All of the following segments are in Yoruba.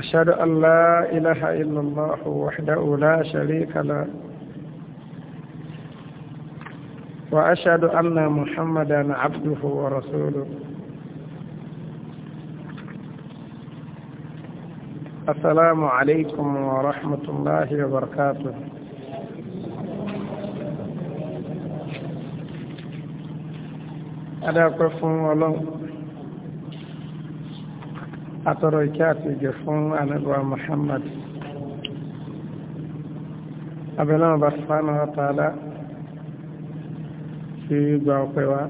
أشهد أن لا إله إلا الله وحده لا شريك له وأشهد أن محمدا عبده ورسوله السلام عليكم ورحمة الله وبركاته أنا أدعوكم الله atọ́rọ ìkẹ́ àti ìgẹ̀ fún anábíwá Muhammad abẹ́lẹ́wọ̀n bá sánà ọ̀tàlá tí gba ọpẹ́ wa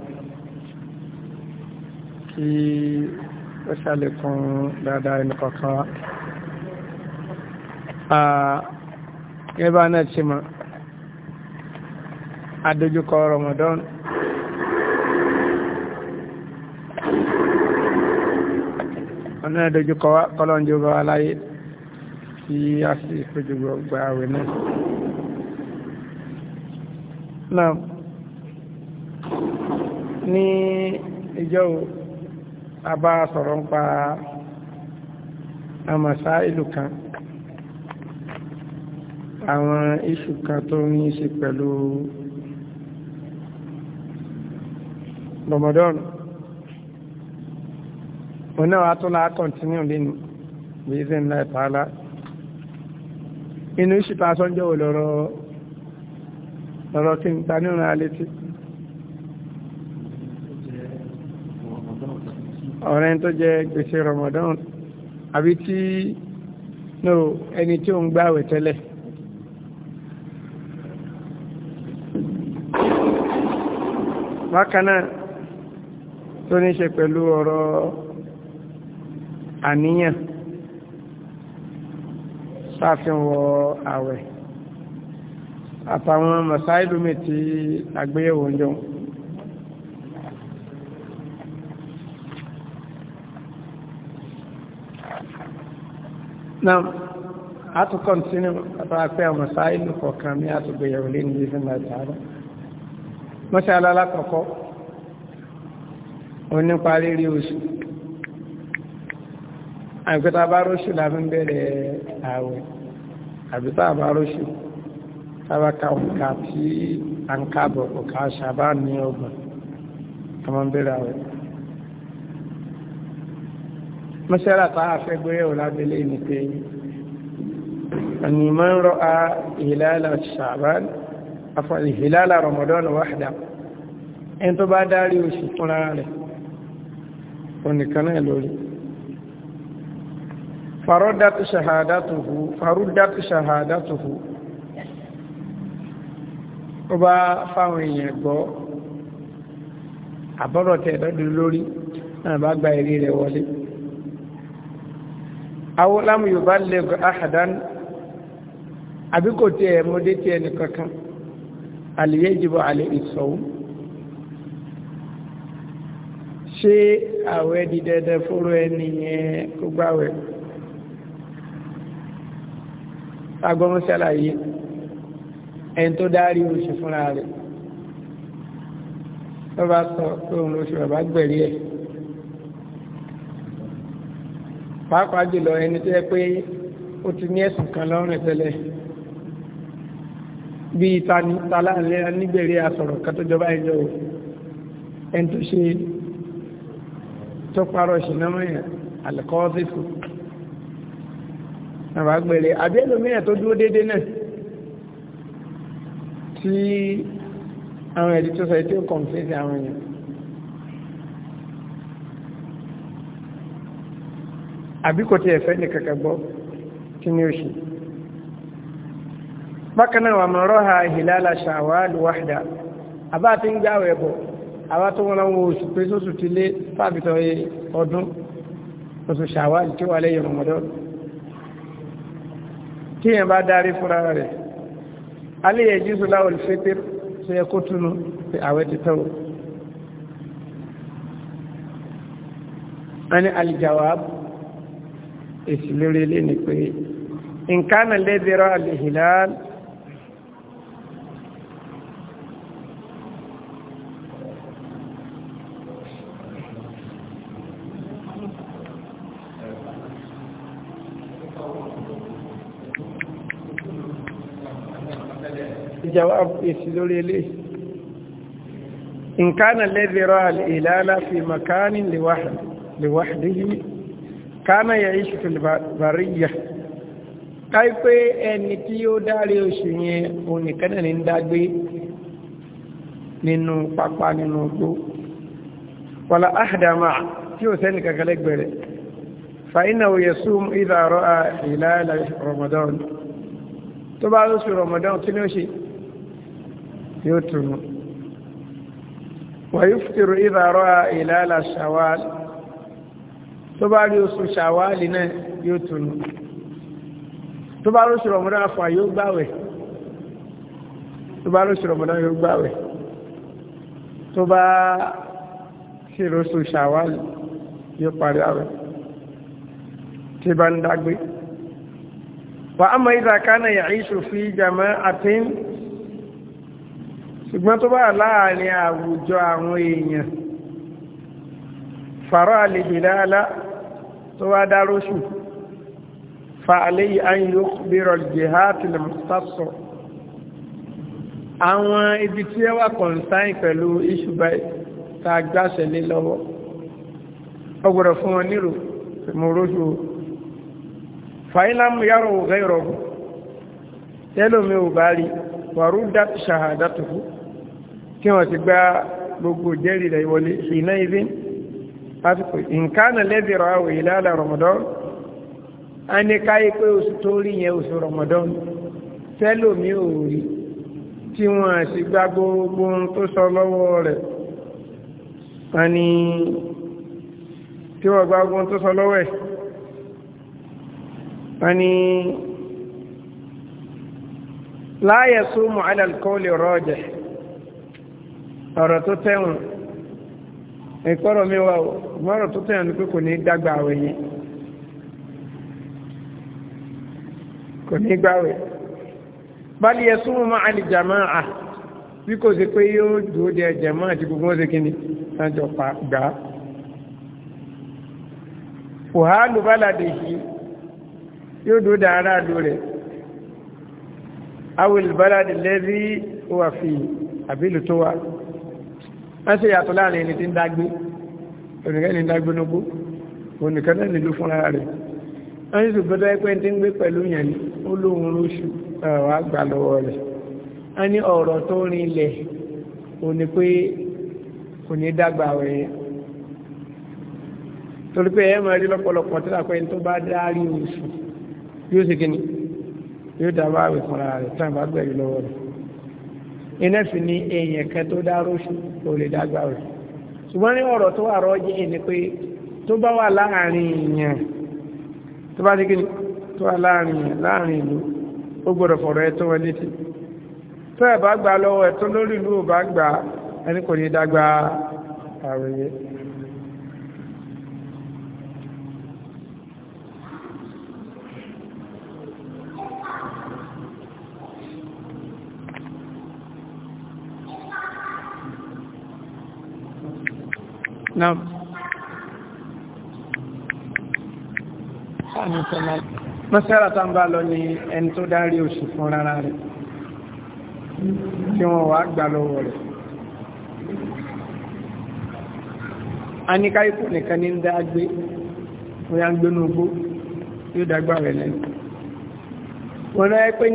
kí ó ṣàlékún dáadáa ẹnìkọ̀kan wa ẹbá náà ṣe mọ́ adójúkọ Ramadan ọ̀nà ìdójú kọlọ́njú bá wa láyé tí a sì fojú gba àwẹ̀ náà. ni ní ìjọ a bá sọ̀rọ̀ ń pa àmàṣá ìlú kan àwọn iṣu kan tó ní í ṣe pẹ̀lú rọmọdọ́nù òun náà wàá tún láà kọ̀ntínú lẹ́nu bíyìí ńlá ìtàlá inú ìṣìta sọ́njọ́ wò lọ́rọ̀ lọ́rọ̀ kí n ta ní ọ̀nà alétí ọ̀rẹ́ tó jẹ́ gbèsè Ramadan àbí tí no ẹni tí ó ń gbáwẹ̀ tẹ́lẹ̀ bákanáà tó ní ṣe pẹ̀lú ọ̀rọ̀ àníyàn sáfihàn àwẹ̀ àtàwọn masáìlúmi tí àgbéyẹ̀wò ń jọun náà a tún kọ́ntínú àtàwọn àwọn masáìlú kọ̀ọ̀kan ní àtúgbéyẹ̀wò lé ní ìfẹ́ mẹ́tàrà mọ́sí alálàkọ̀ọ́kọ́ onípa rírí oṣù àgbẹ̀ta bá róṣù láti ń bẹ̀rẹ̀ ààwẹ̀ àbíta bá róṣù tábàkà òkà tí a ń kábọ̀ òkà ṣàbá ní ọgbọ̀n a máa ń bẹ̀rẹ̀ ààwẹ̀ mọ́ṣẹ́lá tá a fẹ́ gbé ẹ̀wọ̀ lábẹ́lẹ́ ni pé ẹni máa ń rọ́ a ìhìlálà ṣàbán afọ ìhìlálà Ramadan wáhdà ẹni tó bá dárí oṣù fúnra rẹ̀ onìkan náà lórí farodatu shahadatuhu farodatu shahadatuhu ó bá fáwọn èèyàn gbọ́ àbọ̀rọ̀ tẹ̀ lọ́dún lórí náà bá gba ẹ̀rí rẹ̀ wọlé awo lámù yorùbá lẹ́gọ̀ àhàdán àbí kò tiẹ̀ mọ́dé tiẹ̀ nìkankan àlìyé jìbọ àlè ìsọ̀wò ṣé àwẹ̀ di dandan fóró ẹni yẹn kó agbọ́n ṣàlàyé ẹni tó dárí oṣù fúnra rẹ̀ tó bá sọ pé òun lóṣù rẹ̀ bá gbẹ̀rí ẹ̀ pàápàá jùlọ ẹni tó yẹ pé ó ti ní ẹ̀sùn kan lọ́rùn tẹ́lẹ̀ bí ìtani taláàlẹ́ nígbèrè asọ̀rọ̀ kan tó jọba ẹjọ́ ẹni tó ṣe tó parọ́ ìṣìnámọ́yà àlẹ́kọ́ ọ́fíìsì nàbà gbèrè àbí ẹlòmíràn tó dúró déédéé náà tí àwọn ẹ̀dí tó sọ tí ó kọ̀m̀pléṣì àwọn èèyàn àbí kò tí ẹ̀fẹ́ ní kàkà gbọ́ kí ni ó ṣe bákan náà wà mọ̀ rọ́ha ìhìlálà ṣàwàlù wáhdà àbá ti ń gbáwẹ̀ bọ̀ àwa tó wọn láwọn oṣù pé sóṣù ti lé fábìtọ̀ ọdún oṣù ṣàwàlù tí wà lẹ́yìn ọmọdọ́dún tí yẹn bá darí fúnra rẹ̀ alẹ́ yẹn jísù láwọn olùfẹ́tẹ́ tó yẹ kó túnú pé àwẹ̀ ti tẹ́wọ́ wọ́n ní aljawab èsì lórí ilé pé nǹkan náà lè dẹ̀rọ alìhìláàlì jawab èsì lórí eléyìí nǹkan lẹ́dẹ̀rọ àlèlàlá fi makanin lèwàdìí kánà yà iṣu filibariya káípé ẹni tí ó dárí oṣù yẹn onìkan ní dágbé nínú pápá nínú ogbó wàlá áhàdàmà tí ó sẹ́ni kankalẹ́ gbẹ̀rẹ̀ fàínà òye súnmù ìdàrọ̀ àlèlàlá ramadan tó bá lóṣù ramadan kí ni ó ṣe yóò túnú wà yuftiru idha ra'a hilala ṣàwàl tó bá rí oṣù ṣàwàlì náà yóò túnú tó bá lóṣù rọ̀mọ́dá àfà yóò gbáwẹ̀ tó bá lóṣù rọ̀mọ́dá yóò gbáwẹ̀ tó bá sí lóṣù ṣàwàlì yóò parí àwẹ̀ tí bá ń dágbé wà á mọ̀ idha kana ya'ishu fi ṣùgbọ́n tó bá láàrin àwùjọ àwọn èèyàn fàárọ̀ àlejò dáadáa tó wá dáróṣù fa àléyìí ayò bírọ̀ jihati lè mọ́sásọ̀ àwọn ibi tí ẹ wà kọ̀ǹsáìn pẹ̀lú ìṣùgbà ta gbáṣẹ̀ lé lọ́wọ́ ó fún wọn nírò mọ́róṣù fàílàmù yàrá ògá ìrọ̀gùn tẹ́lómi ò bá rí wàrúdà ṣàhàdà tó kú tí wọ́n ti gba gbogbo jẹ́rì rẹ̀ wọlé iná ibi lásìkò ìǹkánà lẹ́bìrọ̀ àwẹ̀ ìlàlà rọmọdán a ní káyé pé oṣù tó rí yẹn oṣù rọmọdán tẹ́lòmí ò rí tí wọ́n sì gba gbogbo tó sọ lọ́wọ́ rẹ̀ wọ́n tí wọ́n gba gbogbo tó sọ lọ́wọ́ ẹ̀ wọ́n ní súnmọ́ alàlùkọ́ lè rọ́ọ̀jẹ̀ ọ̀rọ̀ tó tẹ́wọ̀n ìkọ́rọ̀ mi wà mọ́rọ̀ tó tẹ̀wọ̀n ní pé kò ní dàgbà àwẹ̀ yẹn kò ní gbàwẹ̀ bali ẹ̀sùn mọ́ àlìjàmọ́ à bí kò sí pé yóò dúró de ẹ̀jẹ̀mọ́ àti gbogbo ó ṣe kí ni lájọ pa gbà á fòhálù bálàdé yìí yóò dúró de aráàlú rẹ̀ wà fi àbílù tó wà. wọ́n sì yàtọ̀ láàrin ẹni tí ń dágbé onìkan ní dágbé nógbó onìkan náà nílò fúnra rẹ̀ wọ́n sì gbọ́dọ̀ ẹgbẹ́ tí ń gbé pẹ̀lú yẹn ní ó lóhun lóṣù ọ̀rọ̀ àgbà lọ́wọ́ rẹ̀ wọ́n ní ọ̀rọ̀ tó rin ilẹ̀ òní pé òní dàgbà rẹ̀ yẹn torí pé ẹ máa rí lọ́pọ̀lọpọ̀ tí wàá pẹ́ tó bá dárí oṣù yóò sì kíni yóò dábàá àwẹ̀ fúnra rẹ̀ tí wọ́n bá rẹ̀ iná ni èèyàn kan tó dáró sí kò lè ṣùgbọ́n ní ọ̀rọ̀ tó wà rọ́jì ni pé tó bá wà láàrin èèyàn tó bá dígbìn tó wà láàrin èèyàn láàrin ìlú ó gbọ́dọ̀ fọ̀rọ̀ ẹ tó wọn létí tó ẹ̀ bá gbà lọ́wọ́ ẹ̀ tó lórí ìlú ò bá gbà ẹni kò ní dágbà نعم mọ́sára tá ń bá lọ ní ẹni tó dárí oṣù fún rárá rẹ̀ tí wọ́n wà gbà lọ́wọ́ rẹ̀ a ní káyíkù nìkan ní ń dá gbé oya ń gbénú ogbó yóò dágbà rẹ̀ lẹ́nu wọ́n rẹ̀ pé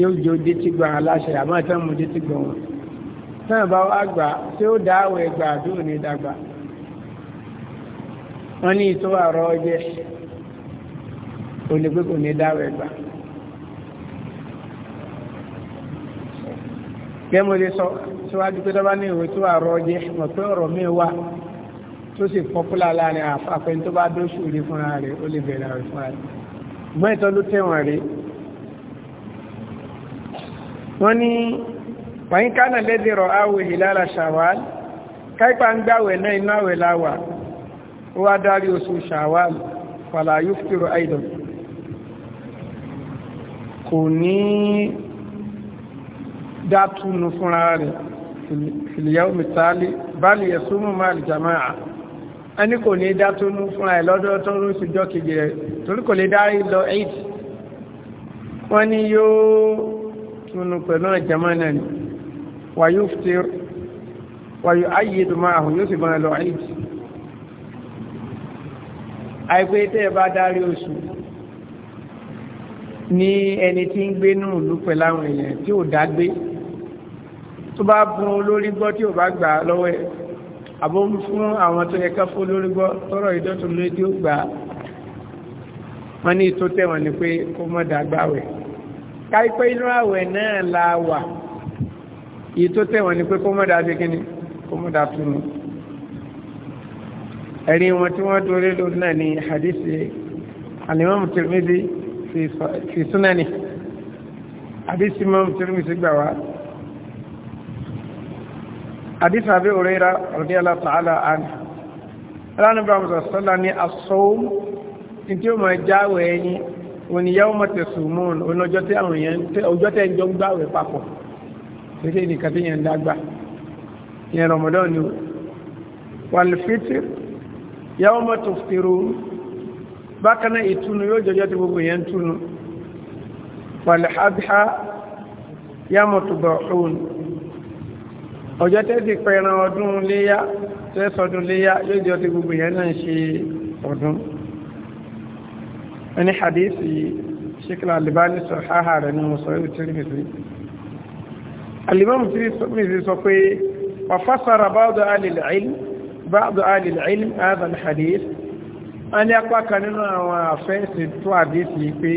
yóò jẹ́ ojú tí gba aláṣẹ àmọ́ ìtàn mú ojú tí gbọ́ wọn náà bá wá gbà tí ó dá àwọ̀ ẹgbà àbí òní dàgbà wọ́n ní ìtò àrọ̀ ọjẹ́ òní pé kò ní dáwọ̀ ẹgbà. gẹ́mọ̀ lè sọ síwájú pé dábàá ní ìwé tó àrọ̀ ọjẹ́ mọ̀ pé ọ̀rọ̀ mi wà tó sì pọ́pùlà láàrin àfàfẹ́ tó bá dóṣù rí fúnra rẹ̀ ó lè bẹ̀rẹ̀ àwẹ̀ fúnra rẹ̀ gbọ́n ìtọ́lú tẹ̀wọ̀n rèé wọ́n ní wàyín kánà lẹ́dẹ̀rọ̀ àwẹ̀ ìlàlà ṣàwàl káìpá ń gbáwẹ̀ náà iná àwẹ̀ láwà ó wá dárí oṣù ṣàwàl fàlà yóò fìrò àìdàn kò ní dátúnu fúnra rẹ̀ fìlìyàwó mìtàlì báàlì ẹ̀sùnmù máa lè jàmáà a ní kò ní dátúnu fúnra wọ́n ní yóò nínú pẹ̀lú àjàmá náà ni wàyú fìtír wàyú ayé dùnmọ́ àhùn yóò sì bá lọ àìjì àìpé tẹ́ ẹ bá dárí oṣù ní ẹni tí ń gbé nù lú pẹ̀lú àwọn èèyàn tí ò dá gbé tó bá bùn olórí gbọ́ tí ò bá gbà lọ́wọ́ ẹ̀ àbó ń fún àwọn tó yẹ ká fún olórí gbọ́ tọrọ ìdọ́tún lórí tí ó gbà wọ́n ní ìtó tẹ̀wọ̀n ni pé kó mọ́ dàgbà wẹ̀ káípẹ́ inú àwẹ̀ náà la wà yìí tó tẹ̀wọ̀n ni pé kọ́mọ́dà ṣe kí ni kọ́mọ́dà túnú ẹ̀rí wọn tí wọ́n dorí lórí náà ni hadisi alimami Tirmidhi fi sunani hadisi imam Tirmidhi gbà wá hadisi Abi Hurairah radiyallahu ta'ala anhu ránibà mùsùlùmí ni asọ́wọ́ ní tí ó máa jáwèé yín oníyàwó mọ̀tẹ̀sùmọ́ọ̀nù ọlọ́jọ́ tẹ́ àwọn èèyàn ọjọ́ tẹ́ ń jọ ń gbààwẹ̀ papọ̀ kéde nìkan tí yẹn ń dágbà yẹn rọmọdọ́ ni o wàlùfítìr yàwó mọ̀tẹ̀sùmọ́ọ̀nù bákan náà ìtúnu yóò jọjọ́ tí gbogbo yẹn túnu wàlùhàbíhá yàmọ̀tẹ̀bọ̀ọ̀hún ọjọ́ tẹ́ ti pẹ̀ràn ọdún léyà tẹ́sọdún léyà yóò jọ tí gbogbo yẹn náà ṣe ọdún ẹni hadisi ṣíkìlá alìbáni sọ háhà rẹ̀ ní mùsùlùmí tìrìmìsì alìbáni tìrìmìsì sọ pé wàfásara báàdù alìlẹ̀ẹ́lì báàdù alìlẹ̀ẹ́lì azan hadis a ní apá kan nínú àwọn àfẹ́sì tó àdísì pé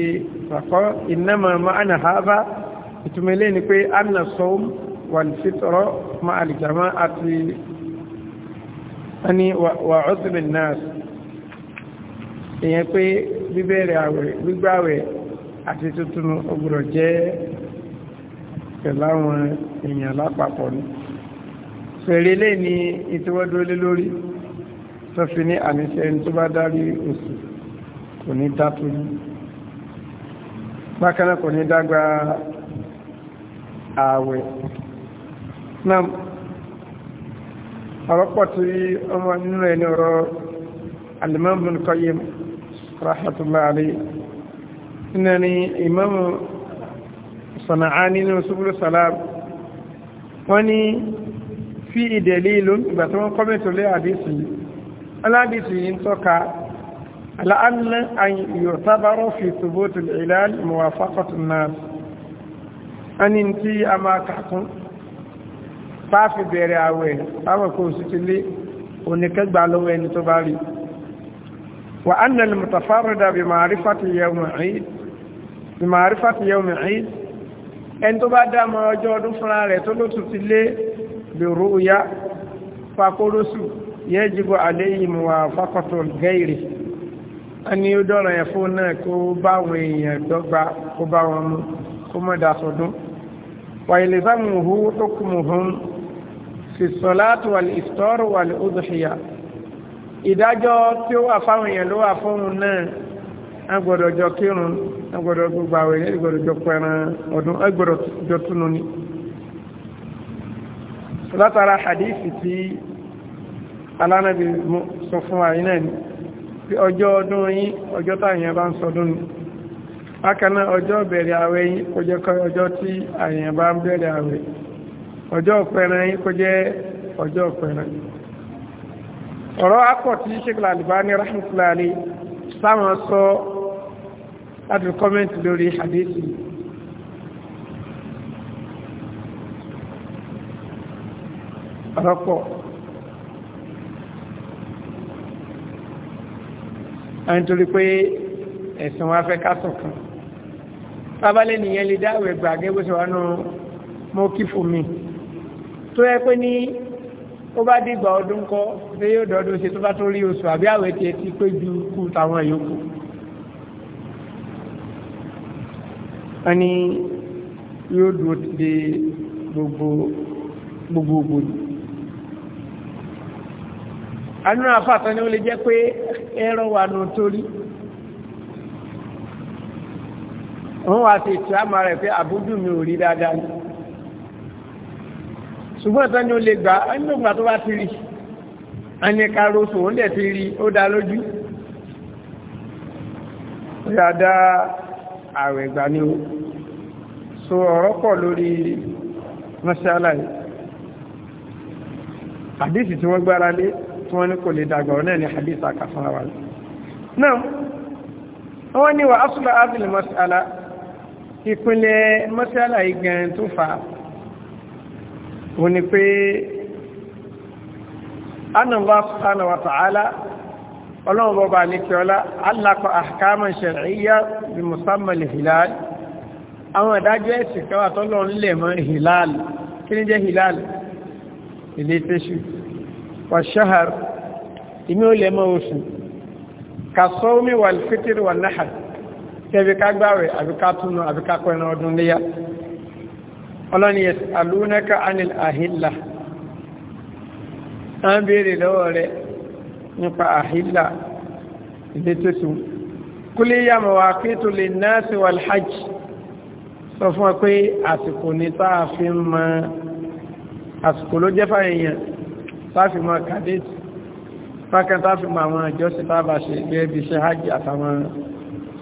sàkọ́ ìnáma ma'ana haza ìtumẹ̀lẹ́ ni pé anna sọ́m wàlìfítọ́rọ̀ ma alìjàmá àti ani wà ọ́sìmì náà ìyẹn pé bíbẹ̀rẹ̀ àwẹ̀ gbígbàwẹ̀ àti tuntun ọgbọ̀rọ̀ jẹ́ pẹ̀láwọn èèyàn lápapọ̀ ní fèrè lè ní ìtiwọ́dúrólé lórí tó fi ní àníṣẹ́ ẹni tó bá dárí oṣù kò ní dátó ní bákanáà kò ní dágbà ààwẹ̀ náà ọ̀rọ̀pọ̀ tí ọmọ nínú ẹni ọ̀rọ̀ alimọ́bùn kọ́yé mọ́ rahmatullahi alayhi ina ni imam sana'ani nínú subúrú salam wọ́n ni fi ìdẹ̀lélò ìgbà tó wọ́n kọ́mẹ̀tò lé àdísì aládìsì yìí ń tọ́ka ala'anna an yóò tábárọ̀ fi tubótù ìlàl mọ̀wàfákọ̀tún náà a ní tí a máa kàkún fáfi bẹ̀rẹ̀ àwẹ̀ táwọn kò sí ti lé oníkẹgbà lọ́wọ́ ẹni tó bá rí i وأن المتفرد بمعرفة يوم عيد بمعرفة يوم عيد ẹni tó bá dá mọ̀ ọjọ́ ọdún fúnra rẹ̀ tó ló tún ti lé bèrò ya fakorosu yẹ́ jìbò àléyìn wà fákọ̀tọ̀ gẹ́ìrì a ní ó dọ́rọ̀ ẹ̀ fún náà kó bá wọn èèyàn dọ́gba kó bá wọn mú kó mọ́ dasọdún wà ilẹ̀ sáàmù hù tó kùmù hùn fi sọ̀látù wà ìfitọ́rù wà ìdùhìyà ìdájọ́ tí ó wà fáwọn èèyàn ló wà fóun náà jọ kírun agbọ́dọ̀ gbogbo ní jọ ọdún agbọ́dọ̀ jọ túnú ni látara tí alánàbí sọ fún náà ni pé ọjọ́ ọdún yìí ọjọ́ bá ń ni ọjọ́ bẹ̀rẹ̀ àwẹ̀ yìí jẹ́ ọjọ́ tí ń bẹ̀rẹ̀ àwẹ̀ ọjọ́ ọ̀rọ̀ akọ̀ tí ṣékùlá Albani rahmatulali sáwọn sọ láti kọ́mẹ́ntì lórí hadithi ọ̀rọ̀pọ̀ a ń torí pé ẹ̀sìn wa fẹ́ ká sọ̀kan sábálẹ̀ nìyẹn lè dáwẹ̀ gbàgẹ́ bó ṣe wà nù mọ́kí fún mi tó yẹ pé ní ó bá dìgbà ọdún kọ́ pé yóò dọ́dún ṣe tó bá tó rí oṣù àbí àwẹ̀ tí ti pé ju kú táwọn yòókù wọ́n ní yóò dúró de gbogbo gbogbogbò anú àfàtàn ni ó lè jẹ́ pé ẹ̀rọ wà nù torí wọ́n wá sí ìtura mara ẹ̀ pé àbúdù mi ò rí dáadáa ni ṣùgbọ́n ìtọ́ ni ó lè gbà á nínú ìgbà tó bá ti rí a ní karoso ó lè ti rí ó dá lójú ó ààrẹ ìgbà ni ó so ọ̀rọ̀ pọ̀ lórí mọ́ṣálà àdísì tí wọ́n gbára lé tí wọ́n ní kò lè dàgbà ọ̀rọ̀ náà ni àdísì àkàfún àwọn náà wọ́n ní wà á súnlọ ábìlì mọ́ṣálà ìpínlẹ̀ mọ́ṣálà yìí tó fà wọ́n ni pé anàlá subhanahu wa ta'ala ọlọ́run bọ́ba alikiola alákọ̀ ahkaman shar'iyya bí musamman hilal àwọn ìdájọ́ ẹ̀sìn kẹwà tọ́lọ̀ ń lè mọ́ hilal kí ní jẹ́ hilal ilé tẹ́ṣù wà ṣahar inú ó lè mọ́ oṣù ka sọ́ọ́mí wà fitr wà nahar tẹ́bí ká gbáwẹ̀ àbíká túnú àbíká kọ́ ọlọ́ni alúnaka anil ahila a ń bèèrè lọ́wọ́ rẹ̀ nípa ahila ìdẹ́tẹ́tù kúlé yà mọ̀wà kéètò lè náà sí wà hajj sọ fún wa pé àsìkò ní sáàfin ma àsìkò ló jẹ́ fàyẹ̀yàn sáàfin ma kàdétì fákan sáàfin ma àwọn ìjọsìn tábà ṣe gẹ́ẹ̀bì ṣe hajj àtàwọn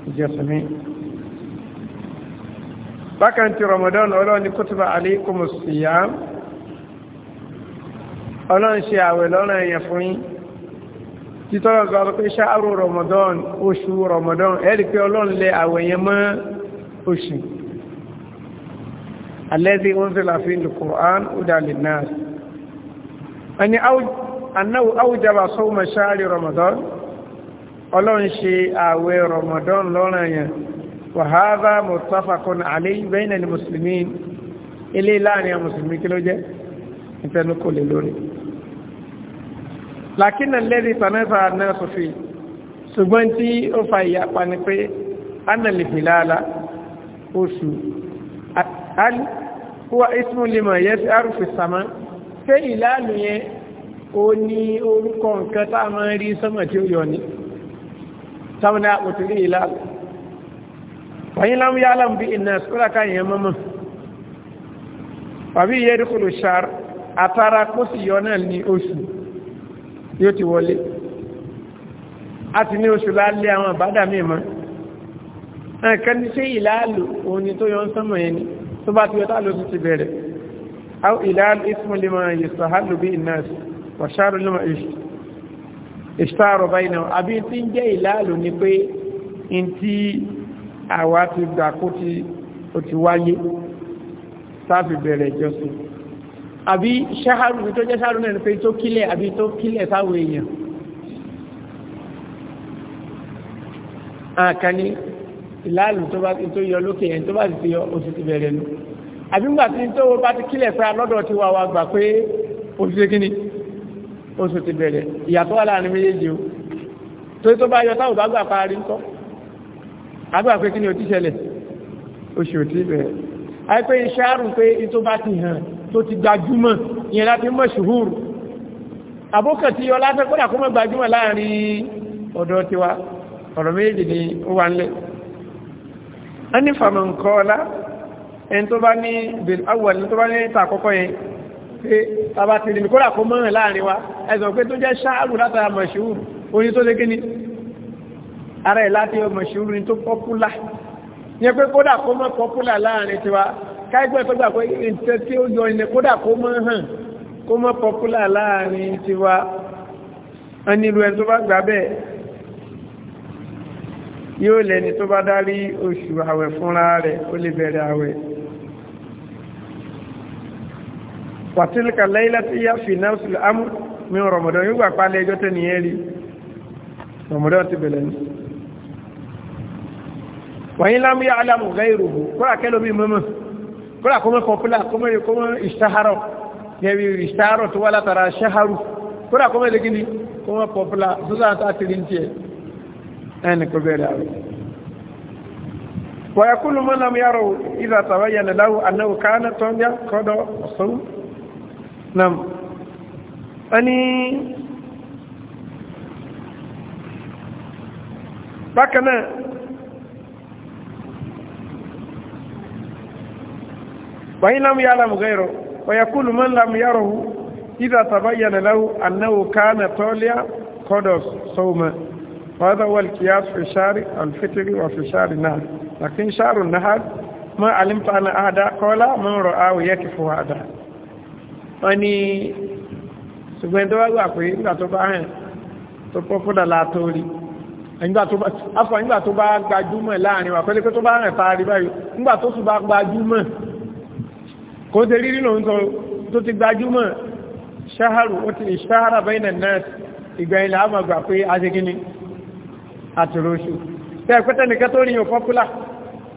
ìjọsìn mìíràn bákan ti Ramadan ọlọ́run ní kutiba alaykumus siyam ọlọ́run ṣe àwẹ̀ lọ́nà ẹ̀yẹ fún yín títọ́lọ̀ sọ pé ṣáàrù Ramadan oṣù Ramadan ẹ̀rí pé ọlọ́run lẹ àwẹ̀ yẹn mọ́ oṣù alladhi unzila fihi al-Qur'an hudan lin-nas ẹni annahu awjaba sawma shahri Ramadan ọlọ́run ṣe àwẹ̀ Ramadan lọ́nà yẹn وهذا متفق عليه بين المسلمين إلي لان يا مسلمين كيلو جاء انت نقول لوري لكن الذي تنازع الناس فيه ṣùgbọ́n tí ó fa ìyapa ni pé annalifilala oṣù alkuwa ismu lima yẹ sí arúfì sama pé ìlànà yẹn ó ní orúkọ nǹkan tá a máa rí sọ́mọ̀ tí ó yọ ní sáwọn àpòtí rí ìlànà fàyín lámú yá lámú bí iná sọ́dá káyẹ̀ mọ́mọ́ tàbí iye dúkùlù ṣar àtàrà kó sì yọ náà ní oṣù yóò ti wọlé a ti ní oṣù lálẹ́ àwọn àbádà mímọ́ ẹ̀kan ní ṣe ìlàálù òun ni tó yọ ń sánmọ̀ yẹn ni tó bá ti yọ tàà lóṣù ti bẹ̀rẹ̀ aw ìlàálù ismulima yustahallu bí iná wàṣàrù lọ́mọ ìṣtàrọ̀ báyìí náà àbí tí ń jẹ́ ìlàálù ni pé inti àwa ti gbà kó ti ó ti wáyé sáàbì bẹ̀rẹ̀ ìjọsìn àbí ṣáhàrù tó jẹ́ ṣáhàrù náà pé tó kílẹ̀ àbí tó kílẹ̀ sáwọn èèyàn àkàní ìlàlù tó bá tó yọ lókè yẹn tó bá ti yọ oṣù ti bẹ̀rẹ̀ nù àbí tó bá ti kílẹ̀ pé alọ́dọ̀ ti wà wá gbà pé oṣù ti kíni oṣù ti bẹ̀rẹ̀ ìyàtọ̀ wà láàrin méjèèjì o tó tó bá yọ táwọn bá gbà parí ńkọ́ àgbà pé kí ni ó ti ṣẹlẹ̀ oṣù ò ti bẹ̀rẹ̀ àìpé ìṣàrù pé tó bá ti hàn tó ti gbajúmọ̀ ìyẹn láti mọ̀ ṣùhúrù àbókàn tí ọlá fẹ́ kódà kó mọ̀ gbajúmọ̀ láàrin ọ̀dọ̀ tiwa ọ̀rọ̀ méjì ni ó wà nílẹ̀ a ní fàmà nǹkan ọlá ẹni tó ara ẹ̀ láti ọmọ ṣúrù ní tó pọ́pùlà ní pé kódà kó mọ́ pọ́pùlà láàrin tiwa káìgbẹ́ tó gbà pé ìtẹ́ tí ó yọ ilẹ̀ kódà kó mọ́ hàn kó mọ́ pọ́pùlà láàrin tiwa ẹnilu ẹni tó bá gbà bẹ́ẹ̀ yóò lẹ́ni tó bá dárí oṣù àwẹ̀ fúnra rẹ̀ ó lè bẹ̀rẹ̀ àwẹ̀ pàtílìkà ti bẹ̀rẹ̀ ní wọ̀nyí lámú yá alámù gáìrùhù kúrò akẹ́lómi mọ́mọ́ kúrò àkọ́mọ́ kọ̀pílà kọ́mọ́ ìkọ́mọ́ ìṣàhárọ̀ yẹ̀wì ìṣàhárọ̀ tó wá látara ṣáhárù kúrò àkọ́mọ́ ìlẹ́gìní kọ́mọ́ kọ̀pílà zúzàtà tìrìntìẹ̀ ẹni kò bẹ̀rẹ̀ àrùn ويقول من لم يروا إذا وإن لم يعلم غيره ويقول من لم يره إذا تبين له أنه كان طالع قد صوما وهذا هو القياس في شهر الفطر وفي شهر النهر لكن شهر النهر ما علمت أن na قال من رآه يكف هذا wani ṣùgbọ́n tó wá gbà pé nígbà tó bá hàn tó pọ́pọ́dà látórí nígbà tó bá gbajúmọ̀ láàrin tó bá báyìí nígbà tó bá gbajúmọ̀ kó ṣe rírí lòun sọ tó ti gbajúmọ̀ ṣáhàrù ó ti ṣáhàrà bẹ́ẹ̀nà náà ìgbà ilẹ̀ àmàgbà pé a ṣe gíní àtìróṣù tẹ́ẹ̀kọ́tẹ́nìkan tó ríyàn pọ́pùlà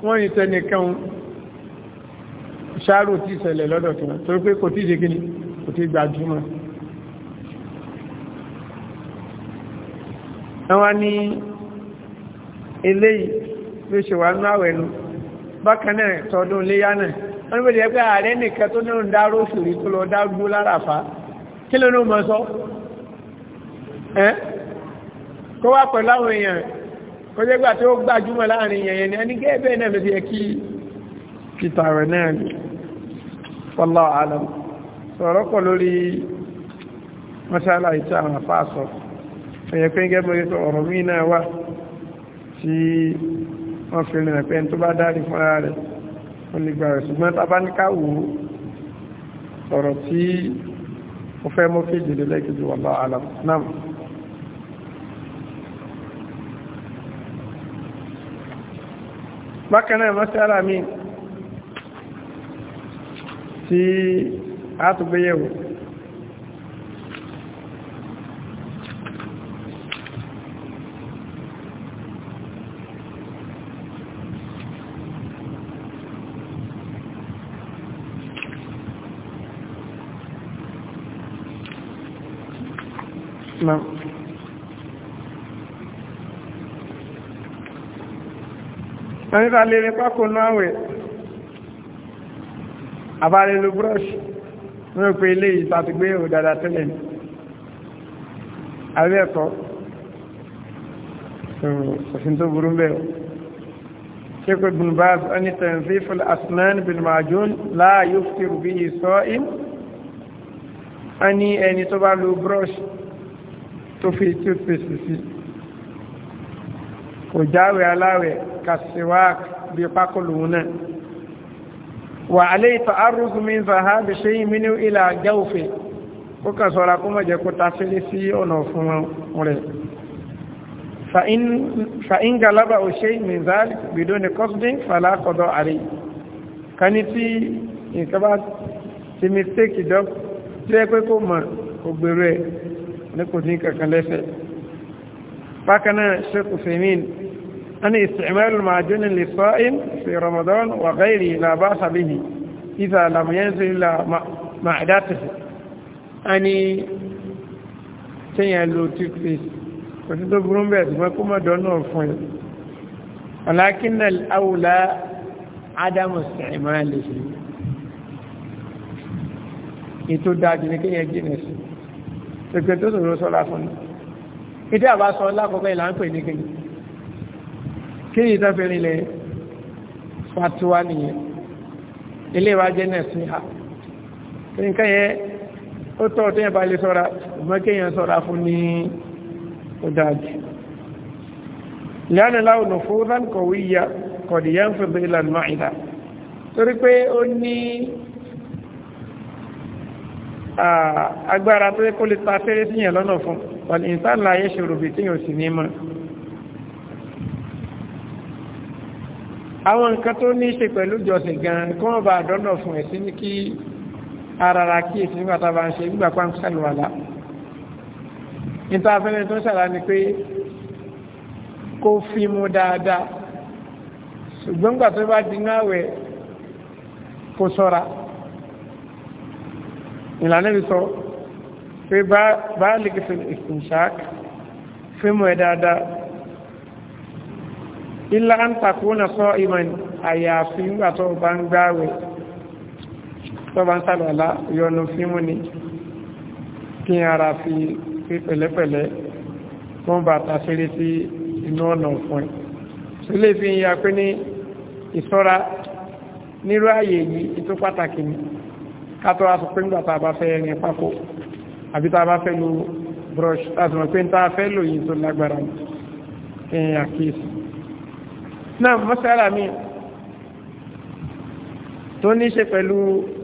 wọ́n yìí tẹ́nìkan ṣáàrù tí ìṣẹ̀lẹ̀ lọ́dọ̀ tí wọ́n torí pé kò tí ṣe gíní kò wọ́n bèèrè pé ààrẹ nìkan tó ní ìdáró òṣèré tó lọ dágbó láràfá kí ló ní ó mọ́ sọ ẹ́ kó wá pẹ̀lú àwọn èèyàn kó jẹ́ gbà tí ó gbajúmọ̀ láàrin èèyàn ni ẹni gẹ́ẹ̀bẹ́ náà ló ti yẹ kí kìtàrẹ̀ náà ni wallahu alam sọ̀rọ̀ pọ̀ lórí mọ́sálà ìtí àwọn àfáàsọ̀ wọ́n fi rìnrìn pẹ́ tó bá dárí fúnra rẹ̀ ó lè gbà rẹ̀ ṣùgbọ́n tá a bá ní ká wò ó ọ̀rọ̀ tí ó fẹ́ mọ́ kéjì lè lẹ́kẹ̀jì wà láà àlàm náà bákanáà mọ́sálà mi tí a tó gbéyẹ̀wò نعم wọ́n nípa lè nípa kò náà wẹ̀ àbálẹ̀ lo búrọ́ṣì wọ́n rò pé ilé ìtàtìgbé ò dáadáa tẹ́lẹ̀ ní àríwẹ̀ ẹ̀kọ́ òfin tó burú bẹ́ẹ̀ ṣékò ibn Baz ẹni tanziful asnan bin majun la yuftiru bihi sa'im ẹni tó fi toothpaste sí kò jáwé aláwẹ̀ kàṣíwák bí pákó lòun náà wà alẹ́ ìtọ̀ arúgbùmí zaha bí ṣe yí mínú ilà gẹ́òfè kó kà sọ́ra kó mọ̀jẹ̀ kó ta sílé sí ọ̀nà fún rẹ̀ fa'in galaba o ṣe min zalik bido ni kọ́sdín falakọ̀dọ̀ àrí ká tí nǹkan ti mistake dọ́ tí ẹ kó mọ̀ kò ẹ̀ ní kò ní kankan lẹ́sẹ̀ bákan náà أن استعمال المعجن للصائم في رمضان وغيره لا بأس به إذا لم ينزل إلى معدته أني تيالو تكفيس فتدو برمبات ما كما دونه فن ولكن الأولى عدم استعماله يتو داجنك يجنسي gbogbo tó sọ̀rọ̀ sọ́lá fún ní ìdí àbá sọ lákọ̀ọ́kọ́ ìlà ń pè ní gẹ̀ẹ́ kí ni ìtọ́fẹ́rin ilẹ̀ fatuwa nìyẹn ilé wa jẹ́ nẹ̀sí ha kí nǹkan yẹ ó tọ́ tó yẹn bá lè ní ó dájú torí pé ó ní agbára tó yẹ kó lè ta fẹ́rẹ́ sí yẹn lọ́nà fún wàlẹ̀ ìsáàlá ayé ṣòro bì tí yóò sì ní mọ́ àwọn nǹkan tó ní í ṣe pẹ̀lú ìjọsìn gan-an kí wọ́n bá àdọ́nà fún ẹ̀sìn ní kí ara ra kí èsì nígbà tá ń ṣe nígbà pa ń ṣàlùwàlá níta afẹ́lẹ́ tó ń ṣàlá ni pé kó fi mu dáadáa ṣùgbọ́n gbà tó bá di náà wẹ̀ kó sọ́ra ìlànà bí sọ pé bá lèkè fún ìsìnṣák fún mọ̀ dáadáa ilá ń takò na sọ ìmọ̀ àyàfi nígbà tó bá ń gbáwẹ̀ tó bá ń sàlọ̀lá yọnu fíìmù ni kí ara fi pẹ̀lẹ́pẹ̀lẹ́ wọ́n bá tàṣírí sí inú ọ̀nà ọ̀fún ilé fi ń ya pé ní ìṣọ́ra nírú ààyè yìí tó pàtàkì ni kátó wá sọ pé nígbà tá a bá fẹ́ rin pákó àbí tá a bá fẹ́ lo brush láti mọ̀ pé ní tá a fẹ́ lò tó lágbára ẹ̀yìn àkíyèsí. náà mọ́sálà mi tó ní ṣe pẹ̀lú